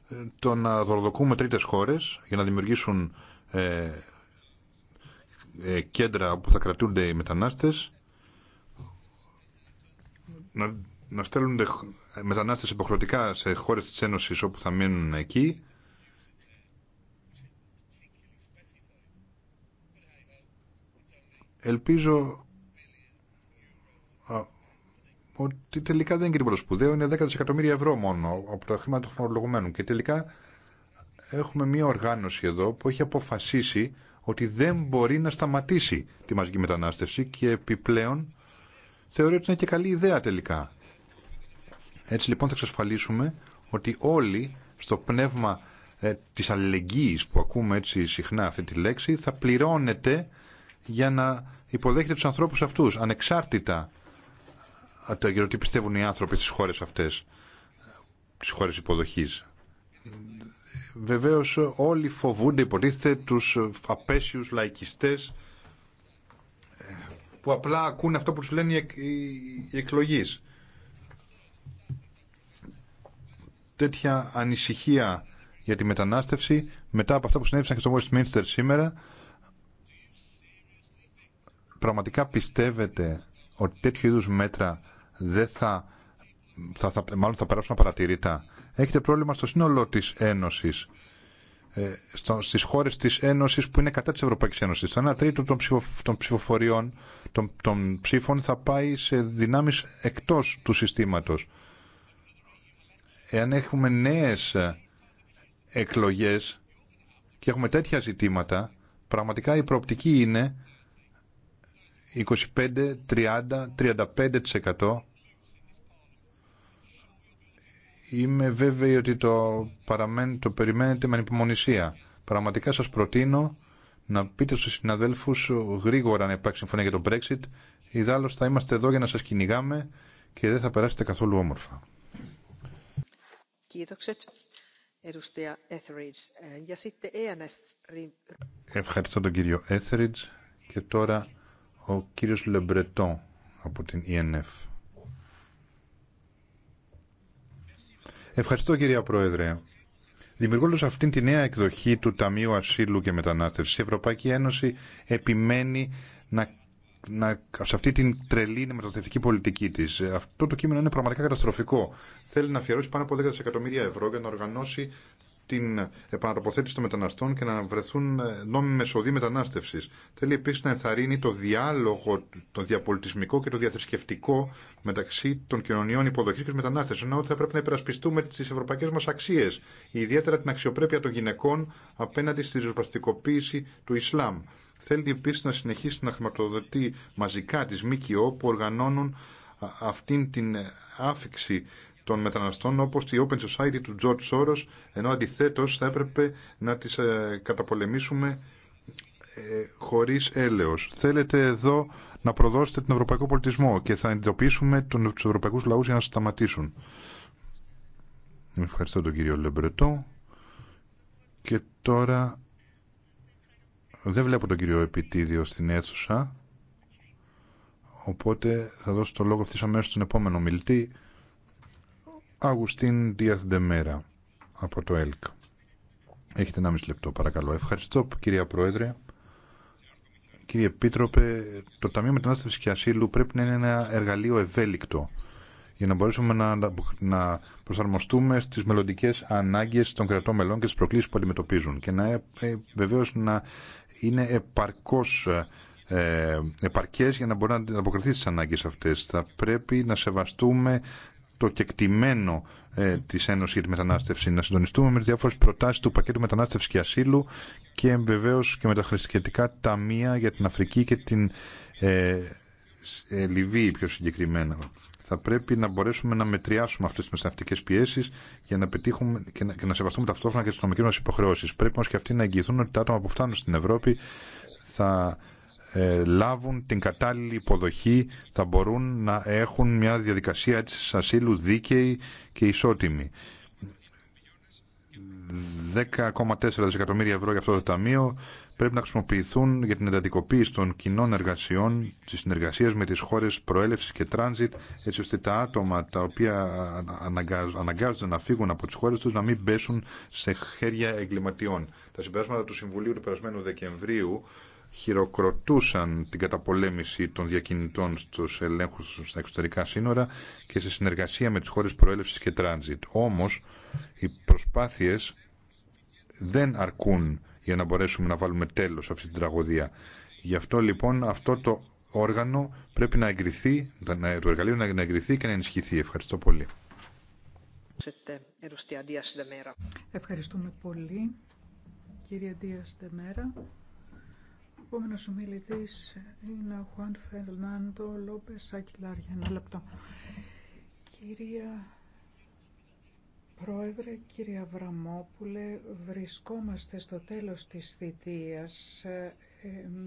ε, το να δωροδοκούμε τρίτες χώρες για να δημιουργήσουν ε, ε, κέντρα που θα διαθεσουμε τα χρηματα αυτα λοιπον περιλαμβανει το να δωροδοκουμε τριτες χωρες για να δημιουργησουν κεντρα που θα κρατουνται οι μετανάστες να, να στέλνονται ε, μετανάστες υποχρεωτικά σε χώρες της Ένωσης όπου θα μείνουν εκεί ελπίζω ότι τελικά δεν είναι τίποτα σπουδαίο, είναι 10 δισεκατομμύρια ευρώ μόνο από τα χρήματα των φορολογουμένων. Και τελικά έχουμε μια οργάνωση εδώ που έχει αποφασίσει ότι δεν μπορεί να σταματήσει τη μαζική μετανάστευση και επιπλέον θεωρεί ότι είναι και καλή ιδέα τελικά. Έτσι λοιπόν θα εξασφαλίσουμε ότι όλοι στο πνεύμα ε, της αλληλεγγύης που ακούμε έτσι συχνά αυτή τη λέξη θα πληρώνεται για να υποδέχεται τους ανθρώπους αυτούς ανεξάρτητα το τι πιστεύουν οι άνθρωποι στις χώρες αυτές, στις χώρες υποδοχής. Βεβαίως όλοι φοβούνται, υποτίθεται, τους απέσιους λαϊκιστές ε, που απλά ακούν αυτό που τους λένε οι εκλογείς. Τέτοια ανησυχία για τη μετανάστευση μετά από αυτά που συνέβησαν και στο Westminster σήμερα πραγματικά πιστεύετε ότι τέτοιου είδους μέτρα δεν θα, θα, θα, μάλλον θα περάσουν απαρατηρήτα. Έχετε πρόβλημα στο σύνολό της Ένωσης, ε, χώρε στις χώρες της Ένωσης που είναι κατά της Ευρωπαϊκής Ένωσης. Το 1 τρίτο των, ψηφο, των ψηφοφοριών, των, των ψήφων θα πάει σε δυνάμεις εκτός του συστήματος. Εάν έχουμε νέες ε, εκλογές και έχουμε τέτοια ζητήματα, πραγματικά η προοπτική είναι 25, 30, 35% είμαι βέβαιη ότι το, το περιμένετε με ανυπομονησία. Πραγματικά σας προτείνω να πείτε στους συναδέλφους γρήγορα να υπάρξει συμφωνία για το Brexit. Ιδάλλως θα είμαστε εδώ για να σας κυνηγάμε και δεν θα περάσετε καθόλου όμορφα. Ε, ε, Ευχαριστώ τον κύριο Έθριτς και τώρα ο κύριος Λεμπρετό από την ΕΝΕΦ. Ευχαριστώ κυρία Πρόεδρε. Δημιουργώντας αυτήν τη νέα εκδοχή του Ταμείου Ασύλου και Μετανάστευσης, η Ευρωπαϊκή Ένωση επιμένει να, να, σε αυτή την τρελή μεταναστευτική πολιτική της. Αυτό το κείμενο είναι πραγματικά καταστροφικό. Θέλει να αφιερώσει πάνω από 10 δισεκατομμύρια ευρώ για να οργανώσει την επανατοποθέτηση των μεταναστών και να βρεθούν ε, νόμιμε οδοί μετανάστευση. Θέλει επίση να ενθαρρύνει το διάλογο, το διαπολιτισμικό και το διαθρησκευτικό μεταξύ των κοινωνιών υποδοχή και μετανάστευσης. Ενώ ότι θα πρέπει να υπερασπιστούμε τι ευρωπαϊκές μα αξίε, ιδιαίτερα την αξιοπρέπεια των γυναικών απέναντι στη ριζοσπαστικοποίηση του Ισλάμ. Θέλει επίση να συνεχίσει να χρηματοδοτεί μαζικά τι ΜΚΟ που οργανώνουν αυτήν την ε, άφηξη των μεταναστών όπως η Open Society του George Soros ενώ αντιθέτως θα έπρεπε να τις ε, καταπολεμήσουμε ε, χωρίς έλεος. Θέλετε εδώ να προδώσετε τον ευρωπαϊκό πολιτισμό και θα εντοπίσουμε τους ευρωπαϊκούς λαούς για να σταματήσουν. Ευχαριστώ τον κύριο Λεμπρετό. Και τώρα δεν βλέπω τον κύριο Επιτίδιο στην αίθουσα. Οπότε θα δώσω το λόγο αυτής αμέσως στον επόμενο μιλητή. Αγουστίν Διαθντεμέρα από το ΕΛΚ. Έχετε ένα μισό λεπτό παρακαλώ. Ευχαριστώ κυρία Πρόεδρε. Κύριε Επίτροπε, το Ταμείο Μετανάστευση και Ασύλου πρέπει να είναι ένα εργαλείο ευέλικτο για να μπορέσουμε να, να προσαρμοστούμε στι μελλοντικέ ανάγκε των κρατών μελών και τι προκλήσει που αντιμετωπίζουν. Και να, ε, ε βεβαίω να είναι επαρκώς, ε, επαρκές για να μπορεί να αποκριθεί στις ανάγκες αυτές. Θα πρέπει να σεβαστούμε το κεκτημένο ε, τη Ένωση για τη Μετανάστευση, να συντονιστούμε με τι διάφορε προτάσει του πακέτου μετανάστευση και ασύλου και βεβαίω και με τα χρηστικετικά ταμεία για την Αφρική και την ε, ε, Λιβύη πιο συγκεκριμένα. Θα πρέπει να μπορέσουμε να μετριάσουμε αυτέ τι μεταναστευτικέ πιέσει για να πετύχουμε και να, και να σεβαστούμε ταυτόχρονα και τι νομικέ μα υποχρεώσει. Πρέπει όμω και αυτοί να εγγυηθούν ότι τα άτομα που φτάνουν στην Ευρώπη θα ε, λάβουν την κατάλληλη υποδοχή θα μπορούν να έχουν μια διαδικασία έτσι ασύλου δίκαιη και ισότιμη. 10,4 δισεκατομμύρια ευρώ για αυτό το ταμείο πρέπει να χρησιμοποιηθούν για την εντατικοποίηση των κοινών εργασιών, τη συνεργασία με τι χώρε προέλευση και τράνζιτ, έτσι ώστε τα άτομα τα οποία αναγκάζονται να φύγουν από τι χώρε του να μην πέσουν σε χέρια εγκληματιών. Τα συμπεράσματα του Συμβουλίου του περασμένου Δεκεμβρίου χειροκροτούσαν την καταπολέμηση των διακινητών στους ελέγχους στα εξωτερικά σύνορα και σε συνεργασία με τις χώρες προέλευσης και τράνζιτ. Όμως, οι προσπάθειες δεν αρκούν για να μπορέσουμε να βάλουμε τέλος αυτή την τραγωδία. Γι' αυτό λοιπόν αυτό το όργανο πρέπει να εγκριθεί, το εργαλείο να εγκριθεί και να ενισχυθεί. Ευχαριστώ πολύ. Ευχαριστούμε πολύ, κύριε επόμενο ομιλητή είναι ο Χουάν Φερνάντο Λόπε Ακυλάρ. Για ένα λεπτό. Κυρία Πρόεδρε, κύριε Αβραμόπουλε, βρισκόμαστε στο τέλος της θητείας ε,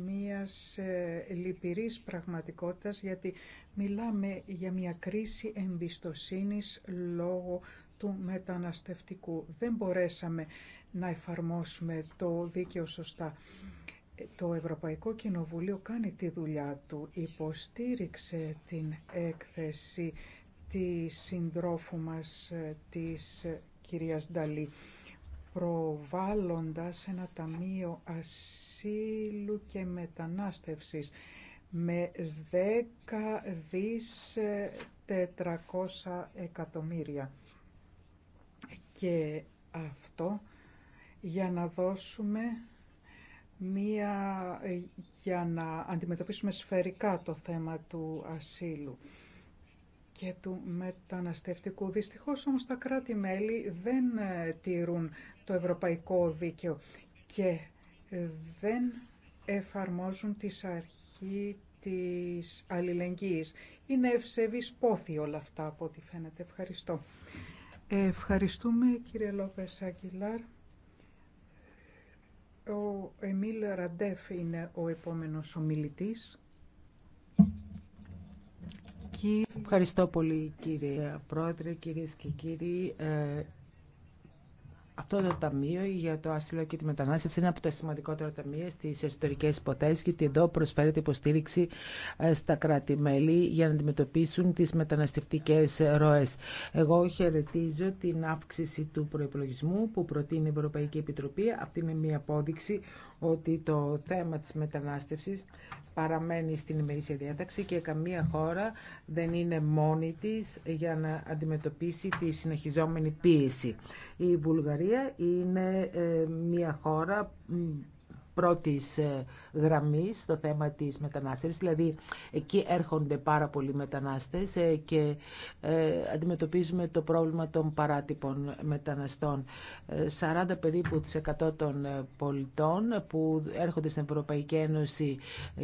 μιας ε, λυπηρής πραγματικότητας γιατί μιλάμε για μια κρίση εμπιστοσύνης λόγω του μεταναστευτικού. Δεν μπορέσαμε να εφαρμόσουμε το δίκαιο σωστά το Ευρωπαϊκό Κοινοβούλιο κάνει τη δουλειά του, υποστήριξε την έκθεση τη συντρόφου μας ε, της ε, κυρίας Νταλή προβάλλοντας ένα ταμείο ασύλου και μετανάστευσης με 10 δις 400 ε, εκατομμύρια. Και αυτό για να δώσουμε μία ε, για να αντιμετωπίσουμε σφαιρικά το θέμα του ασύλου και του μεταναστευτικού. Δυστυχώς όμως τα κράτη-μέλη δεν ε, τηρούν το ευρωπαϊκό δίκαιο και δεν εφαρμόζουν τις αρχή της αλληλεγγύης. Είναι ευσεβής πόθη όλα αυτά από ό,τι φαίνεται. Ευχαριστώ. Ευχαριστούμε κύριε Λόπες Αγγιλάρ. Ο Εμίλ Ραντέφ είναι ο επόμενος ομιλητής. Ευχαριστώ πολύ κύριε Πρόεδρε, κυρίες και κύριοι. Ε, αυτό το ταμείο για το άσυλο και τη μετανάστευση είναι από τα σημαντικότερα ταμεία στι εσωτερικέ υποθέσει, γιατί εδώ προσφέρεται υποστήριξη ε, στα κράτη-μέλη για να αντιμετωπίσουν τι μεταναστευτικέ ροέ. Εγώ χαιρετίζω την αύξηση του προπολογισμού που προτείνει η Ευρωπαϊκή Επιτροπή. Αυτή είναι μια απόδειξη ότι το θέμα της μετανάστευσης παραμένει στην ημερήσια διάταξη και καμία χώρα δεν είναι μόνη της για να αντιμετωπίσει τη συνεχιζόμενη πίεση. Η Βουλγαρία είναι ε, μια χώρα Πρώτη ε, γραμμής στο θέμα της μετανάστευσης. Δηλαδή, εκεί έρχονται πάρα πολλοί μετανάστες ε, και ε, αντιμετωπίζουμε το πρόβλημα των παράτυπων μεταναστών. 40 περίπου της 100 των πολιτών που έρχονται στην Ευρωπαϊκή Ένωση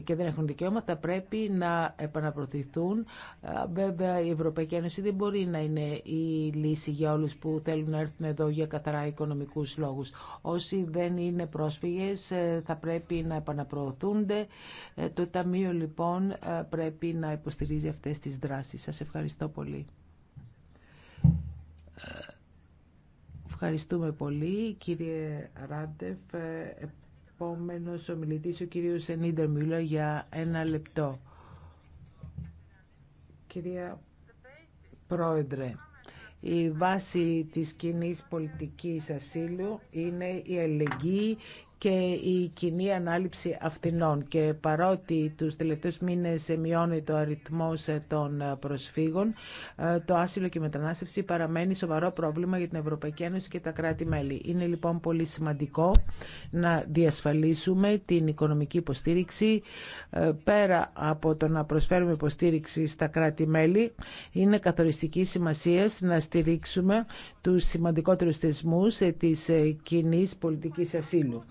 και δεν έχουν δικαίωμα θα πρέπει να επαναπροωθηθούν. Βέβαια, η Ευρωπαϊκή Ένωση δεν μπορεί να είναι η λύση για όλους που θέλουν να έρθουν εδώ για καθαρά οικονομικούς λόγους. Όσοι δεν είναι πρόσφυγες θα πρέπει να επαναπροωθούνται. Ε, το Ταμείο λοιπόν ε, πρέπει να υποστηρίζει αυτές τις δράσεις. Σας ευχαριστώ πολύ. Ε, ευχαριστούμε πολύ κύριε Ράντεφ. Επόμενος ομιλητής ο κύριος Σενίντερ Μιούλα για ένα λεπτό. Κυρία Πρόεδρε, η βάση της κοινή πολιτικής ασύλου είναι η αλληλεγγύη και η κοινή ανάληψη αυτινών. Και παρότι τους τελευταίους μήνες μειώνει το αριθμός των προσφύγων, ε, το άσυλο και η μετανάστευση παραμένει σοβαρό πρόβλημα για την Ευρωπαϊκή Ένωση και τα κράτη-μέλη. Είναι λοιπόν πολύ σημαντικό να διασφαλίσουμε την οικονομική υποστήριξη ε, πέρα από το να προσφέρουμε υποστήριξη στα κράτη-μέλη. Είναι καθοριστική σημασία να στηρίξουμε τους σημαντικότερους θεσμούς ε, της κοινή πολιτικής ασύλου.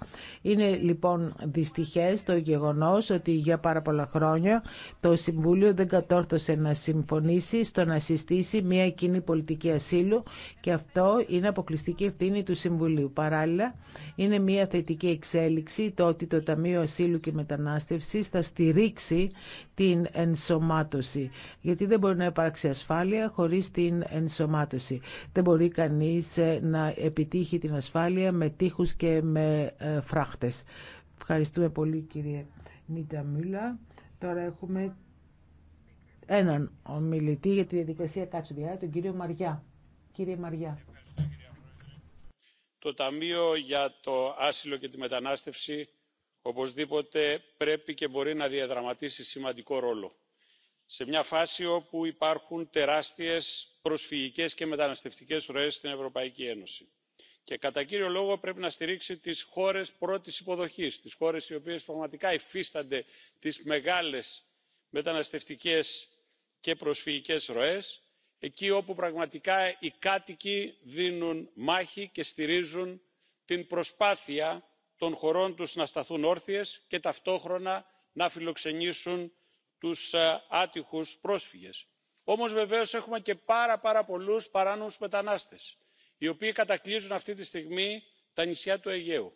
Είναι λοιπόν δυστυχές το γεγονός ότι για πάρα πολλά χρόνια το Συμβούλιο δεν κατόρθωσε να συμφωνήσει στο να συστήσει μια κοινή πολιτική ασύλου και αυτό είναι αποκλειστική ευθύνη του Συμβουλίου. Παράλληλα, είναι μια θετική εξέλιξη το ότι το Ταμείο Ασύλου και Μετανάστευσης θα στηρίξει την ενσωμάτωση. Γιατί δεν μπορεί να υπάρξει ασφάλεια χωρίς την ενσωμάτωση. Δεν μπορεί κανείς ε, να επιτύχει την ασφάλεια με τείχους και με ε, φράχτες. Ευχαριστούμε πολύ κύριε Νίτα Μούλα. Τώρα έχουμε έναν ομιλητή για τη διαδικασία διάρκεια, τον κύριο Μαριά. Κύριε Μαριά. Το Ταμείο για το Άσυλο και τη Μετανάστευση οπωσδήποτε πρέπει και μπορεί να διαδραματίσει σημαντικό ρόλο. Σε μια φάση όπου υπάρχουν τεράστιες προσφυγικές και μεταναστευτικές ροές στην Ευρωπαϊκή Ένωση και κατά κύριο λόγο πρέπει να στηρίξει τις χώρες πρώτης υποδοχής τις χώρες οι οποίες πραγματικά υφίστανται τις μεγάλες μεταναστευτικές και προσφυγικές ροές εκεί όπου πραγματικά οι κάτοικοι δίνουν μάχη και στηρίζουν την προσπάθεια των χωρών τους να σταθούν όρθιες και ταυτόχρονα να φιλοξενήσουν τους ε, άτυχους πρόσφυγες. όμως βεβαίως έχουμε και πάρα πάρα πολλούς παράνομους μετανάστες οι οποίοι κατακλείζουν αυτή τη στιγμή τα νησιά του αιγαίου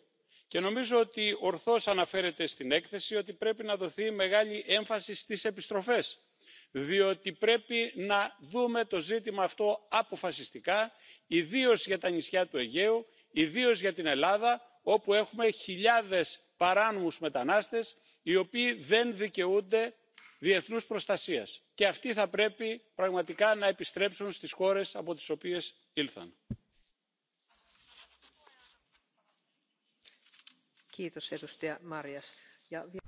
και νομίζω ότι ορθώς αναφέρεται στην έκθεση ότι πρέπει να δοθεί μεγάλη έμφαση στις επιστροφές διότι πρέπει να δούμε το ζήτημα αυτό αποφασιστικά ιδίως για τα νησιά του αιγαίου ιδίως για την ελλάδα όπου έχουμε χιλιάδες παράνομους μετανάστες οι οποίοι δεν δικαιούνται διεθνούς προστασίας και αυτοί θα πρέπει πραγματικά να επιστρέψουν στις χώρες από τις οποίες ήλθαν.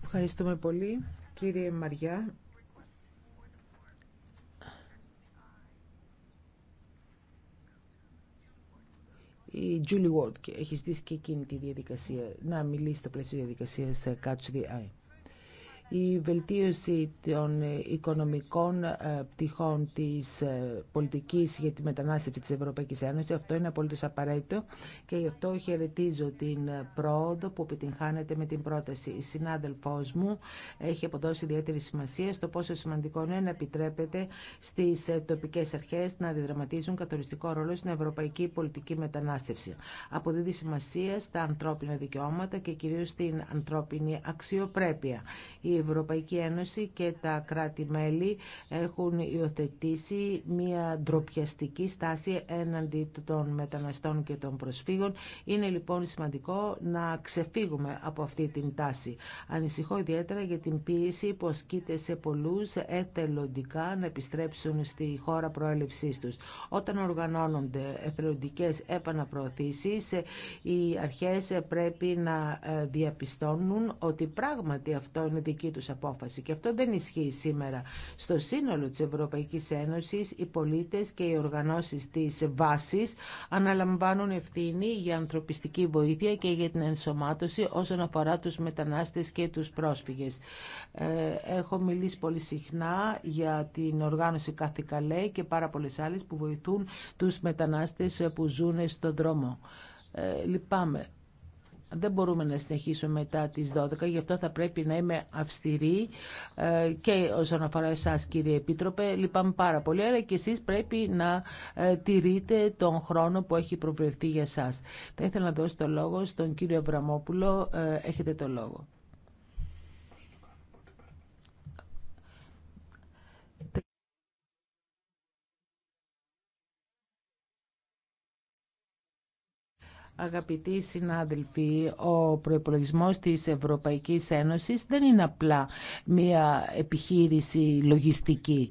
Ευχαριστούμε πολύ, κύριε Μαριά. Η Julie Ward έχει ζητήσει και εκείνη τη διαδικασία να μιλήσει στο πλαίσιο διαδικασία ε, Catch the Eye η βελτίωση των οικονομικών ε, πτυχών της ε, πολιτικής για τη μετανάστευση της Ευρωπαϊκής Ένωσης. Αυτό είναι απολύτως απαραίτητο και γι' αυτό χαιρετίζω την ε, πρόοδο που επιτυγχάνεται με την πρόταση. Η συνάδελφός μου έχει αποδώσει ιδιαίτερη σημασία στο πόσο σημαντικό είναι να επιτρέπεται στις τοπικές αρχές να διδραματίζουν καθοριστικό ρόλο στην ευρωπαϊκή πολιτική μετανάστευση. Αποδίδει σημασία στα ανθρώπινα δικαιώματα και κυρίως στην ανθρώπινη αξιοπρέπεια. Ευρωπαϊκή Ένωση και τα κράτη-μέλη έχουν υιοθετήσει μια ντροπιαστική στάση έναντι των μεταναστών και των προσφύγων. Είναι λοιπόν σημαντικό να ξεφύγουμε από αυτή την τάση. Ανησυχώ ιδιαίτερα για την πίεση που ασκείται σε πολλούς εθελοντικά να επιστρέψουν στη χώρα προέλευσής τους. Όταν οργανώνονται εθελοντικές επαναπροωθήσεις, οι αρχές πρέπει να ε, διαπιστώνουν ότι πράγματι αυτό είναι δική τους απόφαση. Και αυτό δεν ισχύει σήμερα. Στο σύνολο της Ευρωπαϊκής Ένωσης οι πολίτες και οι οργανώσεις της βάσης αναλαμβάνουν ευθύνη για ανθρωπιστική βοήθεια και για την ενσωμάτωση όσον αφορά τους μετανάστες και τους πρόσφυγες. Ε, έχω μιλήσει πολύ συχνά για την οργάνωση Καλέ και πάρα πολλές άλλες που βοηθούν τους μετανάστες που ζουν στον δρόμο. Ε, λυπάμαι δεν μπορούμε να συνεχίσουμε μετά τις 12, γι' αυτό θα πρέπει να είμαι αυστηρή ε, και όσον αφορά εσάς κύριε Επίτροπε, λυπάμαι πάρα πολύ, αλλά και εσείς πρέπει να ε, τηρείτε τον χρόνο που έχει προβλεφθεί για εσάς. Θα ήθελα να δώσω το λόγο στον κύριο Αβραμόπουλο, ε, έχετε το λόγο. Αγαπητοί συνάδελφοι, ο προϋπολογισμός της Ευρωπαϊκής Ένωσης δεν είναι απλά μία επιχείρηση λογιστική.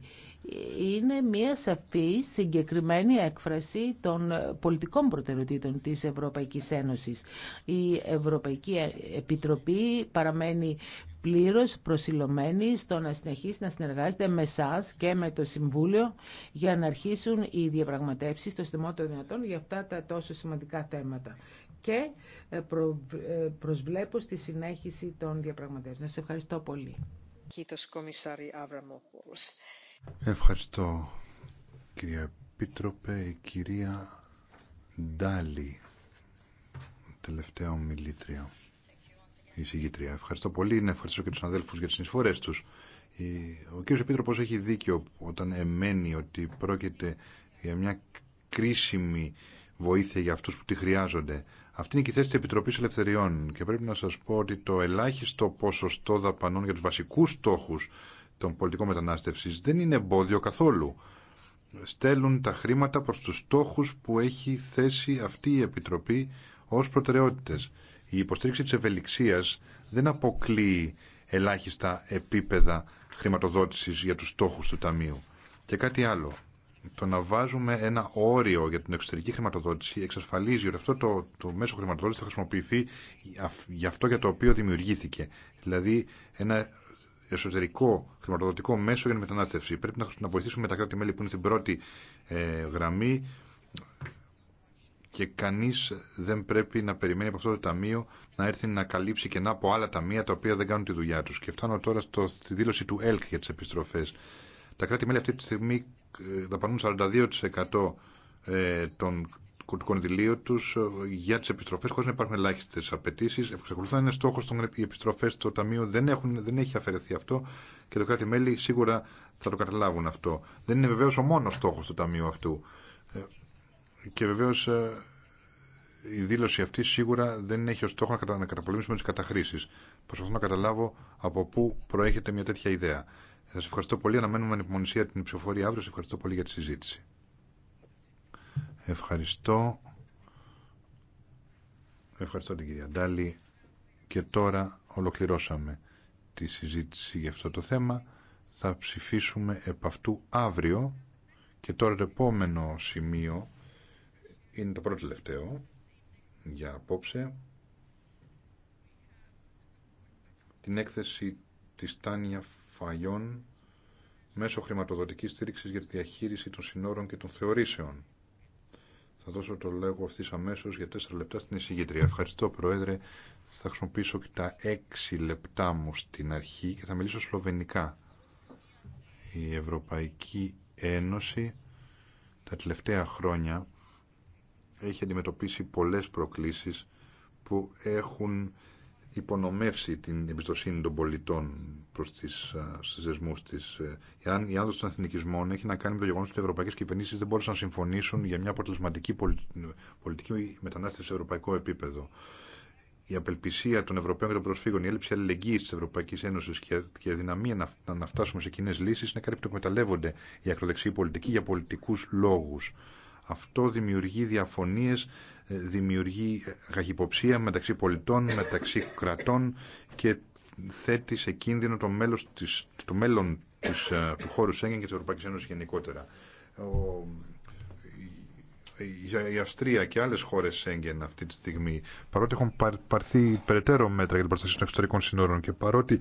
Είναι μία σαφή συγκεκριμένη έκφραση των πολιτικών προτεραιοτήτων της Ευρωπαϊκής Ένωσης. Η Ευρωπαϊκή Επιτροπή παραμένει πλήρως προσιλωμένη στο να συνεχίσει να συνεργάζεται με εσά και με το Συμβούλιο για να αρχίσουν οι διαπραγματεύσεις στο στιγμό των δυνατών για αυτά τα τόσο σημαντικά θέματα. Και ε, ε, προσβλέπω στη συνέχιση των διαπραγματεύσεων. Σας ευχαριστώ πολύ. Ευχαριστώ κυρία Επίτροπε, η κυρία Ντάλη, τελευταία ομιλήτρια. Ευχαριστώ πολύ. Να ευχαριστώ και του αδέλφου για τι συνεισφορέ του. Ο κύριο Επίτροπο έχει δίκιο όταν εμένει ότι πρόκειται για μια κρίσιμη βοήθεια για αυτού που τη χρειάζονται. Αυτή είναι και η θέση τη Επιτροπή Ελευθεριών και πρέπει να σα πω ότι το ελάχιστο ποσοστό δαπανών για του βασικού στόχου των πολιτικών μετανάστευση δεν είναι εμπόδιο καθόλου. Στέλνουν τα χρήματα προ του στόχου που έχει θέσει αυτή η Επιτροπή ω προτεραιότητε. Η υποστήριξη της ευελιξίας δεν αποκλείει ελάχιστα επίπεδα χρηματοδότησης για τους στόχους του Ταμείου. Και κάτι άλλο, το να βάζουμε ένα όριο για την εξωτερική χρηματοδότηση εξασφαλίζει ότι αυτό το, το μέσο χρηματοδότηση θα χρησιμοποιηθεί για αυτό για το οποίο δημιουργήθηκε. Δηλαδή ένα εσωτερικό χρηματοδοτικό μέσο για την μετανάστευση. Πρέπει να, βοηθήσουμε τα κράτη-μέλη που είναι στην πρώτη ε, γραμμή και κανείς δεν πρέπει να περιμένει από αυτό το ταμείο να έρθει να καλύψει κενά από άλλα ταμεία τα οποία δεν κάνουν τη δουλειά τους. Και φτάνω τώρα στο, στη δήλωση του ΕΛΚ για τις επιστροφές. Τα κράτη-μέλη αυτή τη στιγμή ε, δαπανούν 42% ε, των του κονδυλίου του ε, για τι επιστροφέ, χωρί να υπάρχουν ελάχιστε απαιτήσει. Εξακολουθούν να είναι στόχο των οι επιστροφέ στο Ταμείο. Δεν, έχουν, δεν έχει αφαιρεθεί αυτό και το κράτη-μέλη σίγουρα θα το καταλάβουν αυτό. Δεν είναι βεβαίω ο μόνο στόχο του Ταμείου αυτού. Και βεβαίω ε, η δήλωση αυτή σίγουρα δεν έχει ως στόχο να καταπολεμήσουμε τι καταχρήσει. Προσπαθώ να καταλάβω από πού προέρχεται μια τέτοια ιδέα. Σα ευχαριστώ πολύ. Αναμένουμε ανυπομονησία την ψηφοφορία αύριο. Σα ευχαριστώ πολύ για τη συζήτηση. Ευχαριστώ. Ευχαριστώ την κυρία Ντάλη. Και τώρα ολοκληρώσαμε τη συζήτηση για αυτό το θέμα. Θα ψηφίσουμε επ' αυτού αύριο. Και τώρα το επόμενο σημείο είναι το πρώτο τελευταίο για απόψε την έκθεση της Τάνια Φαγιών μέσω χρηματοδοτικής στήριξης για τη διαχείριση των συνόρων και των θεωρήσεων. Θα δώσω το λέγω αυτή αμέσω για 4 λεπτά στην εισηγήτρια. Ευχαριστώ, Πρόεδρε. Θα χρησιμοποιήσω και τα έξι λεπτά μου στην αρχή και θα μιλήσω σλοβενικά. Η Ευρωπαϊκή Ένωση τα τελευταία χρόνια έχει αντιμετωπίσει πολλές προκλήσεις που έχουν υπονομεύσει την εμπιστοσύνη των πολιτών προς τις, στις δεσμούς της. Ε, η άνθρωπη των εθνικισμών έχει να κάνει με το γεγονός ότι οι ευρωπαϊκές κυβερνήσεις δεν μπορούσαν να συμφωνήσουν για μια αποτελεσματική πολιτική μετανάστευση σε ευρωπαϊκό επίπεδο. Η απελπισία των Ευρωπαίων και των προσφύγων, η έλλειψη αλληλεγγύη τη Ευρωπαϊκή Ένωση και η αδυναμία να, να φτάσουμε σε κοινέ λύσει είναι κάτι που το εκμεταλλεύονται οι ακροδεξιοί πολιτικοί για πολιτικού λόγου. Αυτό δημιουργεί διαφωνίες, ε, δημιουργεί ε, γαχυποψία μεταξύ πολιτών, μεταξύ κρατών και θέτει σε κίνδυνο το, μέλος της, το μέλλον της, ε, του χώρου Σέγγεν και της Ευρωπαϊκής Ένωσης γενικότερα. Ο, η, η Αυστρία και άλλες χώρες Σέγγεν αυτή τη στιγμή, παρότι έχουν παρ, πάρθει περαιτέρω μέτρα για την προστασία των εξωτερικών συνόρων και παρότι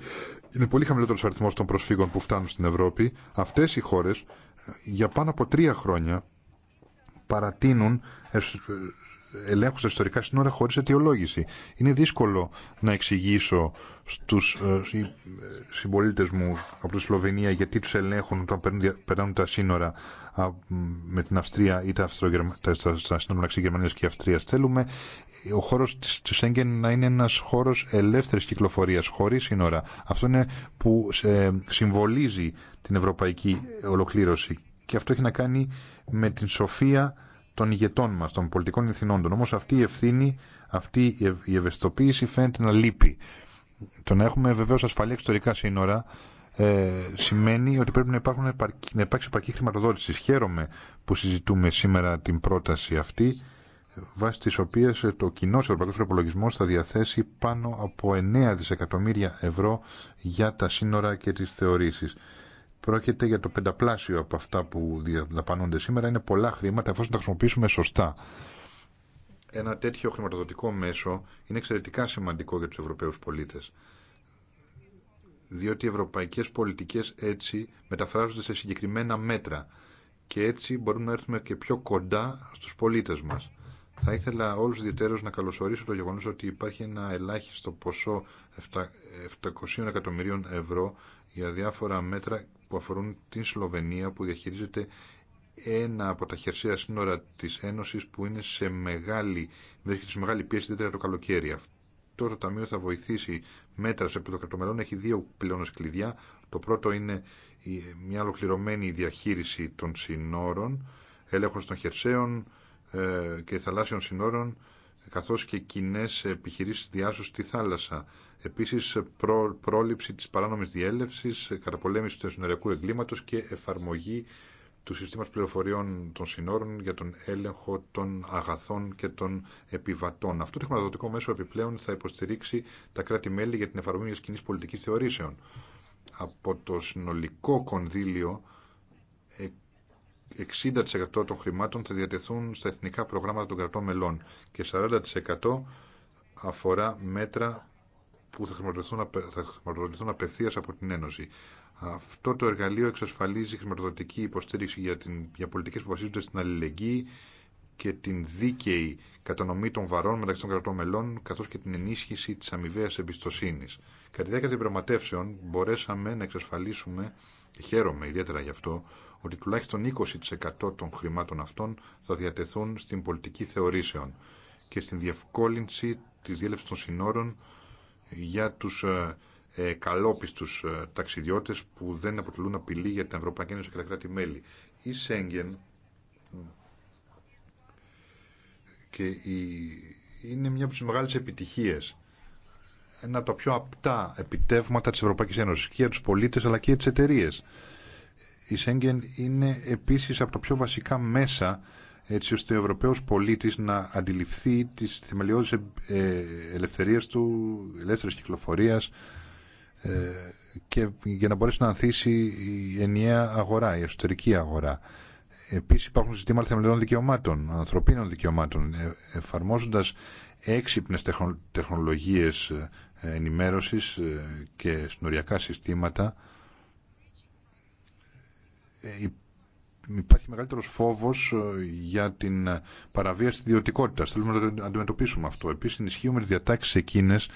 είναι πολύ χαμηλότερος αριθμός των προσφύγων που φτάνουν στην Ευρώπη, αυτές οι χώρες για πάνω από τρία χρόνια παρατείνουν ελέγχους στα ιστορικά σύνορα χωρίς αιτιολόγηση. Είναι δύσκολο να εξηγήσω στους ε, συμπολίτε μου από τη Σλοβενία γιατί τους ελέγχουν όταν περνάνε τα σύνορα με την Αυστρία ή τα, τα, τα σύνορα μεταξύ Γερμανίας και Αυστρίας. Θέλουμε ε, ο χώρος της, της Σέγγεν να είναι ένας χώρος ελεύθερης κυκλοφορίας, χωρί σύνορα. Αυτό είναι που ε, συμβολίζει την ευρωπαϊκή ολοκλήρωση και αυτό έχει να κάνει με την σοφία των ηγετών μας, των πολιτικών ηθινόντων. Όμως αυτή η ευθύνη, αυτή η ευαισθητοποίηση φαίνεται να λείπει. Το να έχουμε βεβαίως ασφαλή εξωτερικά σύνορα ε, σημαίνει ότι πρέπει να, υπάρχουν, να υπάρξει επαρκή χρηματοδότηση. Χαίρομαι που συζητούμε σήμερα την πρόταση αυτή, βάσει της οποίας το κοινό ευρωπαϊκό προπολογισμό θα διαθέσει πάνω από 9 δισεκατομμύρια ευρώ για τα σύνορα και τις θεωρήσεις. Πρόκειται για το πενταπλάσιο από αυτά που δαπανούνται σήμερα. Είναι πολλά χρήματα εφόσον τα χρησιμοποιήσουμε σωστά. Ένα τέτοιο χρηματοδοτικό μέσο είναι εξαιρετικά σημαντικό για τους Ευρωπαίους πολίτες. Διότι οι ευρωπαϊκές πολιτικές έτσι μεταφράζονται σε συγκεκριμένα μέτρα και έτσι μπορούμε να έρθουμε και πιο κοντά στους πολίτες μας. Θα ήθελα όλους ιδιαίτερως να καλωσορίσω το γεγονός ότι υπάρχει ένα ελάχιστο ποσό 700 εκατομμυρίων ευρώ για διάφορα μέτρα που αφορούν την Σλοβενία που διαχειρίζεται ένα από τα χερσαία σύνορα της Ένωσης που είναι σε μεγάλη, βρίσκεται σε μεγάλη πίεση ιδιαίτερα το καλοκαίρι. Αυτό το Ταμείο θα βοηθήσει μέτρα σε πρωτοκρατομελών. Έχει δύο πλέον κλειδιά. Το πρώτο είναι μια ολοκληρωμένη διαχείριση των συνόρων, έλεγχος των χερσαίων ε, και θαλάσσιων συνόρων, καθώς και κοινέ επιχειρήσεις διάσωσης στη θάλασσα. Επίσης, πρόληψη της παράνομης διέλευσης, καταπολέμηση του εσωτερικού εγκλήματος και εφαρμογή του συστήματος πληροφοριών των συνόρων για τον έλεγχο των αγαθών και των επιβατών. Αυτό το χρηματοδοτικό μέσο επιπλέον θα υποστηρίξει τα κράτη-μέλη για την εφαρμογή μιας κοινής πολιτικής θεωρήσεων. Από το συνολικό κονδύλιο 60% ε, των χρημάτων θα διατεθούν στα εθνικά προγράμματα των κρατών μελών και 40% αφορά μέτρα που θα χρηματοδοτηθούν απευθείας από την Ένωση. Αυτό το εργαλείο εξασφαλίζει χρηματοδοτική υποστήριξη για, την, για πολιτικές που βασίζονται στην αλληλεγγύη και την δίκαιη κατανομή των βαρών μεταξύ των κρατών μελών, καθώ και την ενίσχυση της αμοιβαίας εμπιστοσύνη. Κατά τη διάρκεια των πραγματεύσεων, μπορέσαμε να εξασφαλίσουμε, και χαίρομαι ιδιαίτερα γι' αυτό, ότι τουλάχιστον 20% των χρημάτων αυτών θα διατεθούν στην πολιτική θεωρήσεων και στην διευκόλυνση τη διέλευση των συνόρων για τους ε, ε καλόπιστους ε, ταξιδιώτες που δεν αποτελούν απειλή για την Ευρωπαϊκή Ένωση και τα κράτη-μέλη. Η Σέγγεν και είναι μια από τις μεγάλες επιτυχίες ένα από τα πιο απτά επιτεύγματα της Ευρωπαϊκής Ένωσης και για τους πολίτες αλλά και για τις εταιρείες. Η Σέγγεν είναι επίσης από τα πιο βασικά μέσα έτσι ώστε ο Ευρωπαίος πολίτης να αντιληφθεί τις θεμελιώδεις ε, ελευθερίες του, ελεύθερης κυκλοφορίας ε, και για να μπορέσει να ανθίσει η ενιαία αγορά, η εσωτερική αγορά. Επίσης υπάρχουν συστήματα θεμελιών δικαιωμάτων, ανθρωπίνων δικαιωμάτων. Ε, εφαρμόζοντας έξυπνες τεχνολογίες ενημέρωσης και συνοριακά συστήματα υπάρχει μεγαλύτερο φόβο ε, για την ε, παραβίαση τη ιδιωτικότητα. Θέλουμε να το αντιμετωπίσουμε αυτό. Επίση ενισχύουμε τι διατάξεις εκείνες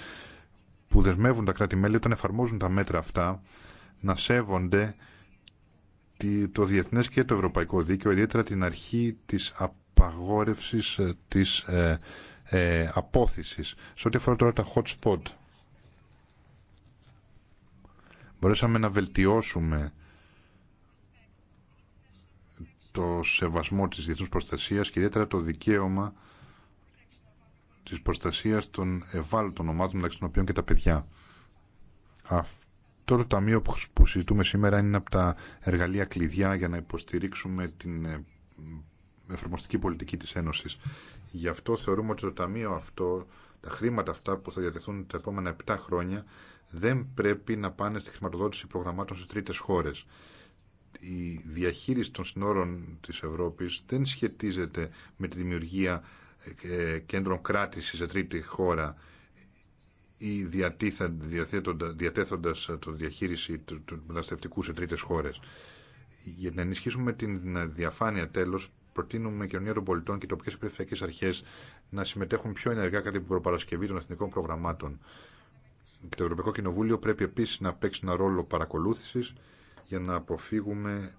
που δεσμεύουν τα κράτη-μέλη όταν εφαρμόζουν τα μέτρα αυτά να σέβονται το διεθνές και το ευρωπαϊκό δίκαιο, ιδιαίτερα την αρχή της απαγόρευσης ε, της ε, ε, Σε ό,τι αφορά τώρα τα hot spot, μπορέσαμε να βελτιώσουμε το σεβασμό της διεθνούς προστασίας και ιδιαίτερα το δικαίωμα της προστασίας των ευάλωτων ομάδων μεταξύ των οποίων και τα παιδιά. Αυτό το ταμείο που συζητούμε σήμερα είναι από τα εργαλεία κλειδιά για να υποστηρίξουμε την ε, εφαρμοστική πολιτική της Ένωσης. Γι' αυτό θεωρούμε ότι το ταμείο αυτό, τα χρήματα αυτά που θα διατεθούν τα επόμενα 7 χρόνια, δεν πρέπει να πάνε στη χρηματοδότηση προγραμμάτων σε τρίτες χώρες η διαχείριση των συνόρων της Ευρώπης δεν σχετίζεται με τη δημιουργία ε, κέντρων κράτησης σε τρίτη χώρα ή διατέθοντας το διαχείριση του, του σε τρίτες χώρες. Για να ενισχύσουμε την διαφάνεια τέλος, προτείνουμε ο κοινωνία των πολιτών και οι τοπικές περιφερειακές αρχές να συμμετέχουν πιο ενεργά κατά την προπαρασκευή των εθνικών προγραμμάτων. το Ευρωπαϊκό Κοινοβούλιο πρέπει επίσης να παίξει ένα ρόλο παρακολούθησης για να αποφύγουμε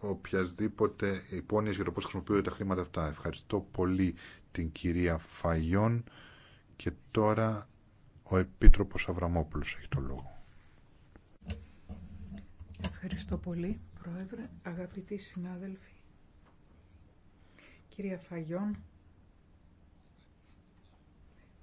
οποιασδήποτε υπόνοιες για το πώς χρησιμοποιούνται τα χρήματα αυτά. Ευχαριστώ πολύ την κυρία Φαγιόν και τώρα ο Επίτροπος Αβραμόπουλος έχει το λόγο. Ευχαριστώ πολύ, Πρόεδρε, αγαπητοί συνάδελφοι. Κυρία Φαγιόν,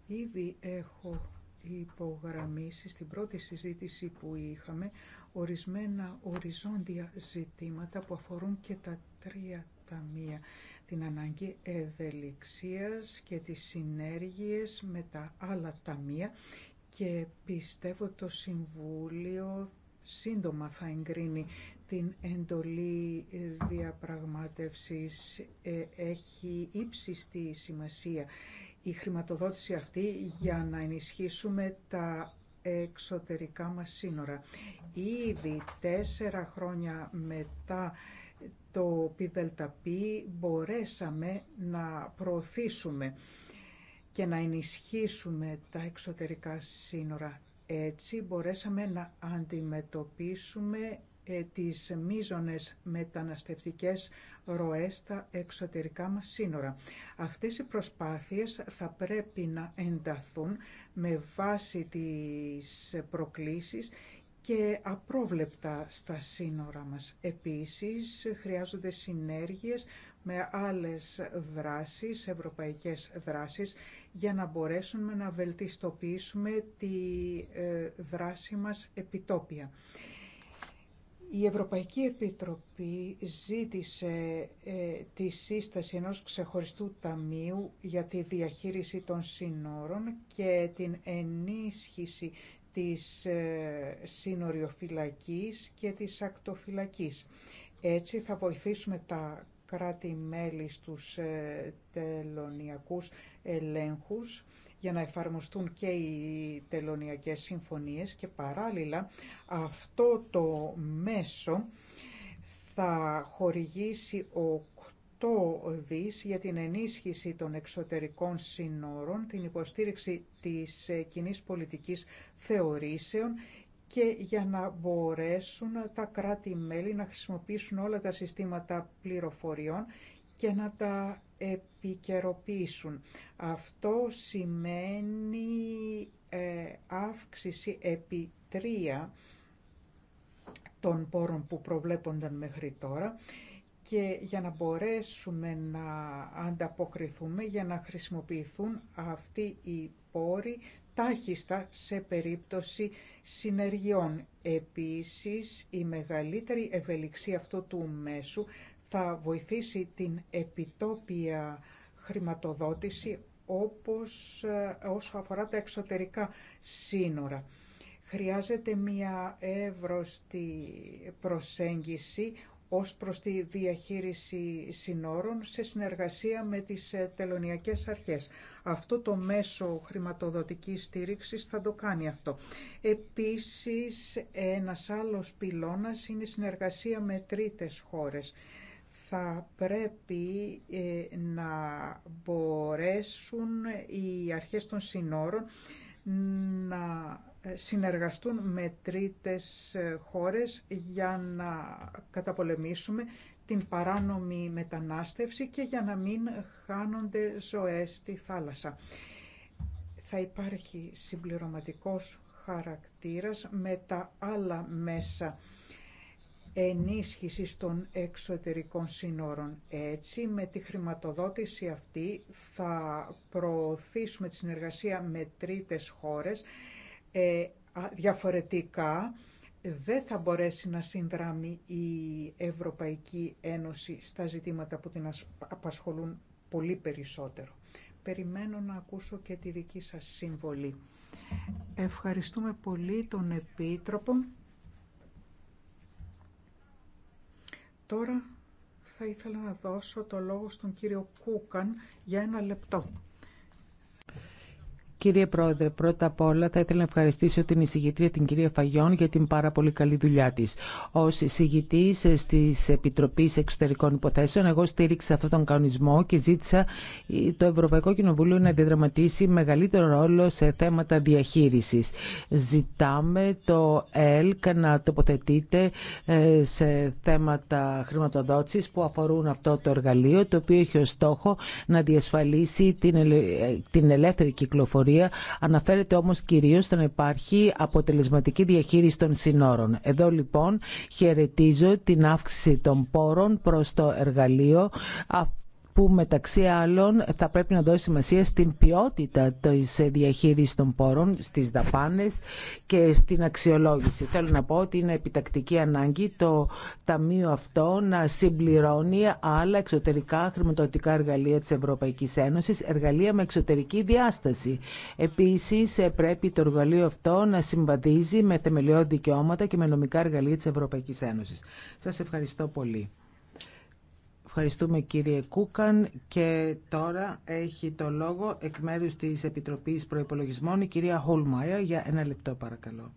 ήδη έχω υπογραμμίσει στην πρώτη συζήτηση που είχαμε ορισμένα οριζόντια ζητήματα που αφορούν και τα τρία ταμεία. Την ανάγκη ευελιξίας και τις συνέργειες με τα άλλα ταμεία και πιστεύω το Συμβούλιο σύντομα θα εγκρίνει την εντολή διαπραγμάτευσης ε, έχει ύψιστη σημασία η χρηματοδότηση αυτή για να ενισχύσουμε τα εξωτερικά μας σύνορα. Ήδη τέσσερα χρόνια μετά το Π, μπορέσαμε να προωθήσουμε και να ενισχύσουμε τα εξωτερικά σύνορα. Έτσι μπορέσαμε να αντιμετωπίσουμε ε, τις μείζονες μεταναστευτικές ροές στα εξωτερικά μας σύνορα. Αυτές οι προσπάθειες θα πρέπει να ενταθούν με βάση τις προκλήσεις και απρόβλεπτα στα σύνορα μας. Επίσης, χρειάζονται συνέργειες με άλλες δράσεις, ευρωπαϊκές δράσεις, για να μπορέσουμε να βελτιστοποιήσουμε τη ε, δράση μας επιτόπια. Η Ευρωπαϊκή Επιτροπή ζήτησε ε, τη σύσταση ενός ξεχωριστού ταμείου για τη διαχείριση των σύνορων και την ενίσχυση της ε, σύνοριοφυλακής και της ακτοφυλακής. Έτσι θα βοηθήσουμε τα κράτη-μέλη στους ε, τελωνιακούς ελέγχους για να εφαρμοστούν και οι τελωνιακές συμφωνίες και παράλληλα αυτό το μέσο θα χορηγήσει οκτώ δις για την ενίσχυση των εξωτερικών συνόρων, την υποστήριξη της ε, κοινής πολιτικής θεωρήσεων και για να μπορέσουν τα κράτη-μέλη να χρησιμοποιήσουν όλα τα συστήματα πληροφοριών και να τα επικαιροποιήσουν. Αυτό σημαίνει ε, αύξηση επί τρία των πόρων που προβλέπονταν μέχρι τώρα και για να μπορέσουμε να ανταποκριθούμε, για να χρησιμοποιηθούν αυτοί οι πόροι τάχιστα σε περίπτωση συνεργειών. Επίσης, η μεγαλύτερη ευελιξία αυτού του μέσου θα βοηθήσει την επιτόπια χρηματοδότηση όπως ε, όσο αφορά τα εξωτερικά σύνορα. Χρειάζεται μια εύρωστη προσέγγιση ως προς τη διαχείριση συνόρων σε συνεργασία με τις ε, τελωνιακές αρχές. Αυτό το μέσο χρηματοδοτικής στήριξης θα το κάνει αυτό. Επίσης, ένας άλλος πυλώνας είναι η συνεργασία με τρίτες χώρες θα πρέπει ε, να μπορέσουν οι αρχές των συνόρων να ε, συνεργαστούν με τρίτες ε, χώρες για να καταπολεμήσουμε την παράνομη μετανάστευση και για να μην χάνονται ζωές στη θάλασσα. Θα υπάρχει συμπληρωματικός χαρακτήρας με τα άλλα μέσα ενίσχυσης των εξωτερικών σύνορων. Έτσι, με τη χρηματοδότηση αυτή θα προωθήσουμε τη συνεργασία με τρίτες χώρες. Ε, διαφορετικά, δεν θα μπορέσει να συνδράμει η Ευρωπαϊκή Ένωση στα ζητήματα που την απασχολούν πολύ περισσότερο. Περιμένω να ακούσω και τη δική σας συμβολή. Ευχαριστούμε πολύ τον Επίτροπο. τώρα θα ήθελα να δώσω το λόγο στον κύριο Κούκαν για ένα λεπτό. Κύριε Πρόεδρε, πρώτα απ' όλα θα ήθελα να ευχαριστήσω την εισηγητρία την κυρία Φαγιόν για την πάρα πολύ καλή δουλειά τη. Ω εισηγητή τη Επιτροπή Εξωτερικών Υποθέσεων, εγώ στήριξα αυτόν τον κανονισμό και ζήτησα το Ευρωπαϊκό Κοινοβούλιο να διαδραματίσει μεγαλύτερο ρόλο σε θέματα διαχείριση. Ζητάμε το ΕΛΚ να τοποθετείται ε, σε θέματα χρηματοδότηση που αφορούν αυτό το εργαλείο, το οποίο έχει ω στόχο να διασφαλίσει την ελεύθερη κυκλοφορία αναφέρεται όμως κυρίω στο να υπάρχει αποτελεσματική διαχείριση των συνόρων. Εδώ λοιπόν χαιρετίζω την αύξηση των πόρων προς το εργαλείο που μεταξύ άλλων θα πρέπει να δώσει σημασία στην ποιότητα της διαχείρισης των πόρων, στις δαπάνες και στην αξιολόγηση. Θέλω να πω ότι είναι επιτακτική ανάγκη το Ταμείο αυτό να συμπληρώνει άλλα εξωτερικά χρηματοδοτικά εργαλεία της Ευρωπαϊκής Ένωσης, εργαλεία με εξωτερική διάσταση. Επίσης πρέπει το εργαλείο αυτό να συμβαδίζει με θεμελιώδη δικαιώματα και με νομικά εργαλεία της Ευρωπαϊκής Ένωσης. Σας ευχαριστώ πολύ. Ευχαριστούμε κύριε Κούκαν και τώρα έχει το λόγο εκ μέρους της Επιτροπής Προϋπολογισμών η κυρία Χολμάια για ένα λεπτό παρακαλώ.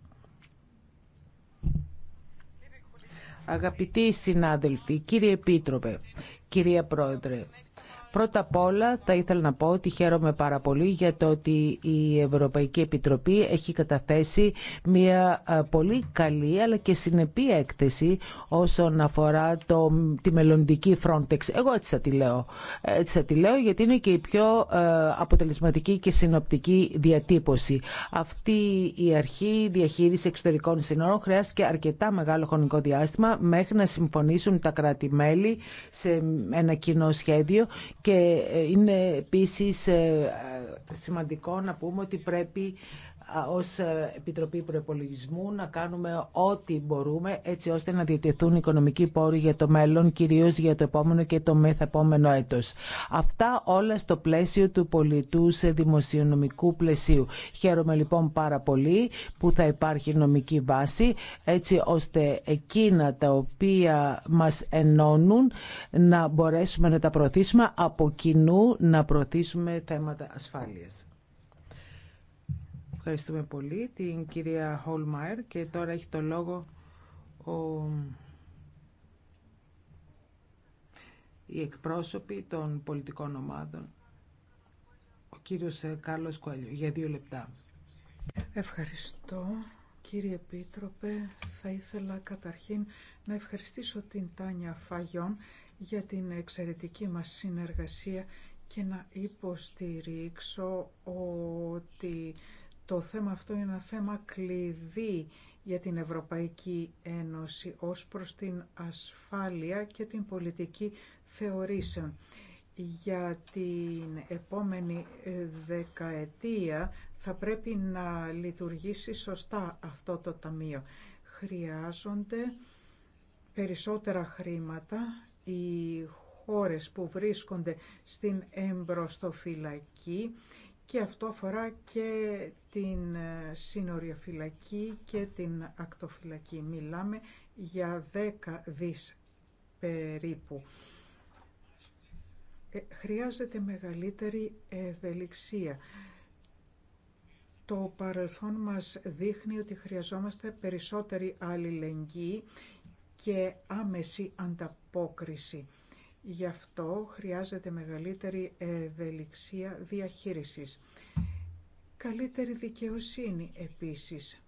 Αγαπητοί συνάδελφοι, κύριε Επίτροπε, κυρία Πρόεδρε, Πρώτα απ' όλα θα ήθελα να πω ότι χαίρομαι πάρα πολύ για το ότι η Ευρωπαϊκή Επιτροπή έχει καταθέσει μια ε, πολύ καλή αλλά και συνεπή έκθεση όσον αφορά το, τη μελλοντική Frontex. Εγώ έτσι θα τη λέω. Έτσι θα τη λέω γιατί είναι και η πιο ε, αποτελεσματική και συνοπτική διατύπωση. Αυτή η αρχή διαχείριση εξωτερικών συνόρων χρειάστηκε αρκετά μεγάλο χρονικό διάστημα μέχρι να συμφωνήσουν τα κράτη-μέλη σε ένα κοινό σχέδιο και ε, είναι επίσης ε, σημαντικό να πούμε ότι πρέπει ως ε, Επιτροπή Προεπολογισμού να κάνουμε ό,τι μπορούμε έτσι ώστε να διατεθούν οικονομικοί πόροι για το μέλλον, κυρίως για το επόμενο και το μεθεπόμενο έτος. Αυτά όλα στο πλαίσιο του πολιτού σε δημοσιονομικού πλαισίου. Χαίρομαι λοιπόν πάρα πολύ που θα υπάρχει νομική βάση έτσι ώστε εκείνα τα οποία μας ενώνουν να μπορέσουμε να τα προωθήσουμε από κοινού να προωθήσουμε θέματα ασφάλειας. Ευχαριστούμε πολύ την κυρία Χόλμαερ και τώρα έχει το λόγο ο... οι εκπρόσωποι των πολιτικών ομάδων. Ο κύριος ε, Κάρλος Κουαλιού. για δύο λεπτά. Ευχαριστώ. Κύριε Επίτροπε, θα ήθελα καταρχήν να ευχαριστήσω την Τάνια Φαγιόν για την εξαιρετική μας συνεργασία και να υποστηρίξω ότι το θέμα αυτό είναι ένα θέμα κλειδί για την Ευρωπαϊκή Ένωση ως προς την ασφάλεια και την πολιτική θεωρήσεων. Για την επόμενη ε, δεκαετία θα πρέπει να λειτουργήσει σωστά αυτό το ταμείο. Χρειάζονται περισσότερα χρήματα οι χώρες που βρίσκονται στην εμπροστοφυλακή και αυτό αφορά και την ε, σύνοριοφυλακή και την ακτοφυλακή. Μιλάμε για δέκα δις περίπου. Ε, χρειάζεται μεγαλύτερη ευελιξία. Το παρελθόν μας δείχνει ότι χρειαζόμαστε περισσότερη αλληλεγγύη και άμεση ανταπόκριση. Γι' αυτό χρειάζεται μεγαλύτερη ευελιξία διαχείρισης. Καλύτερη δικαιοσύνη επίσης.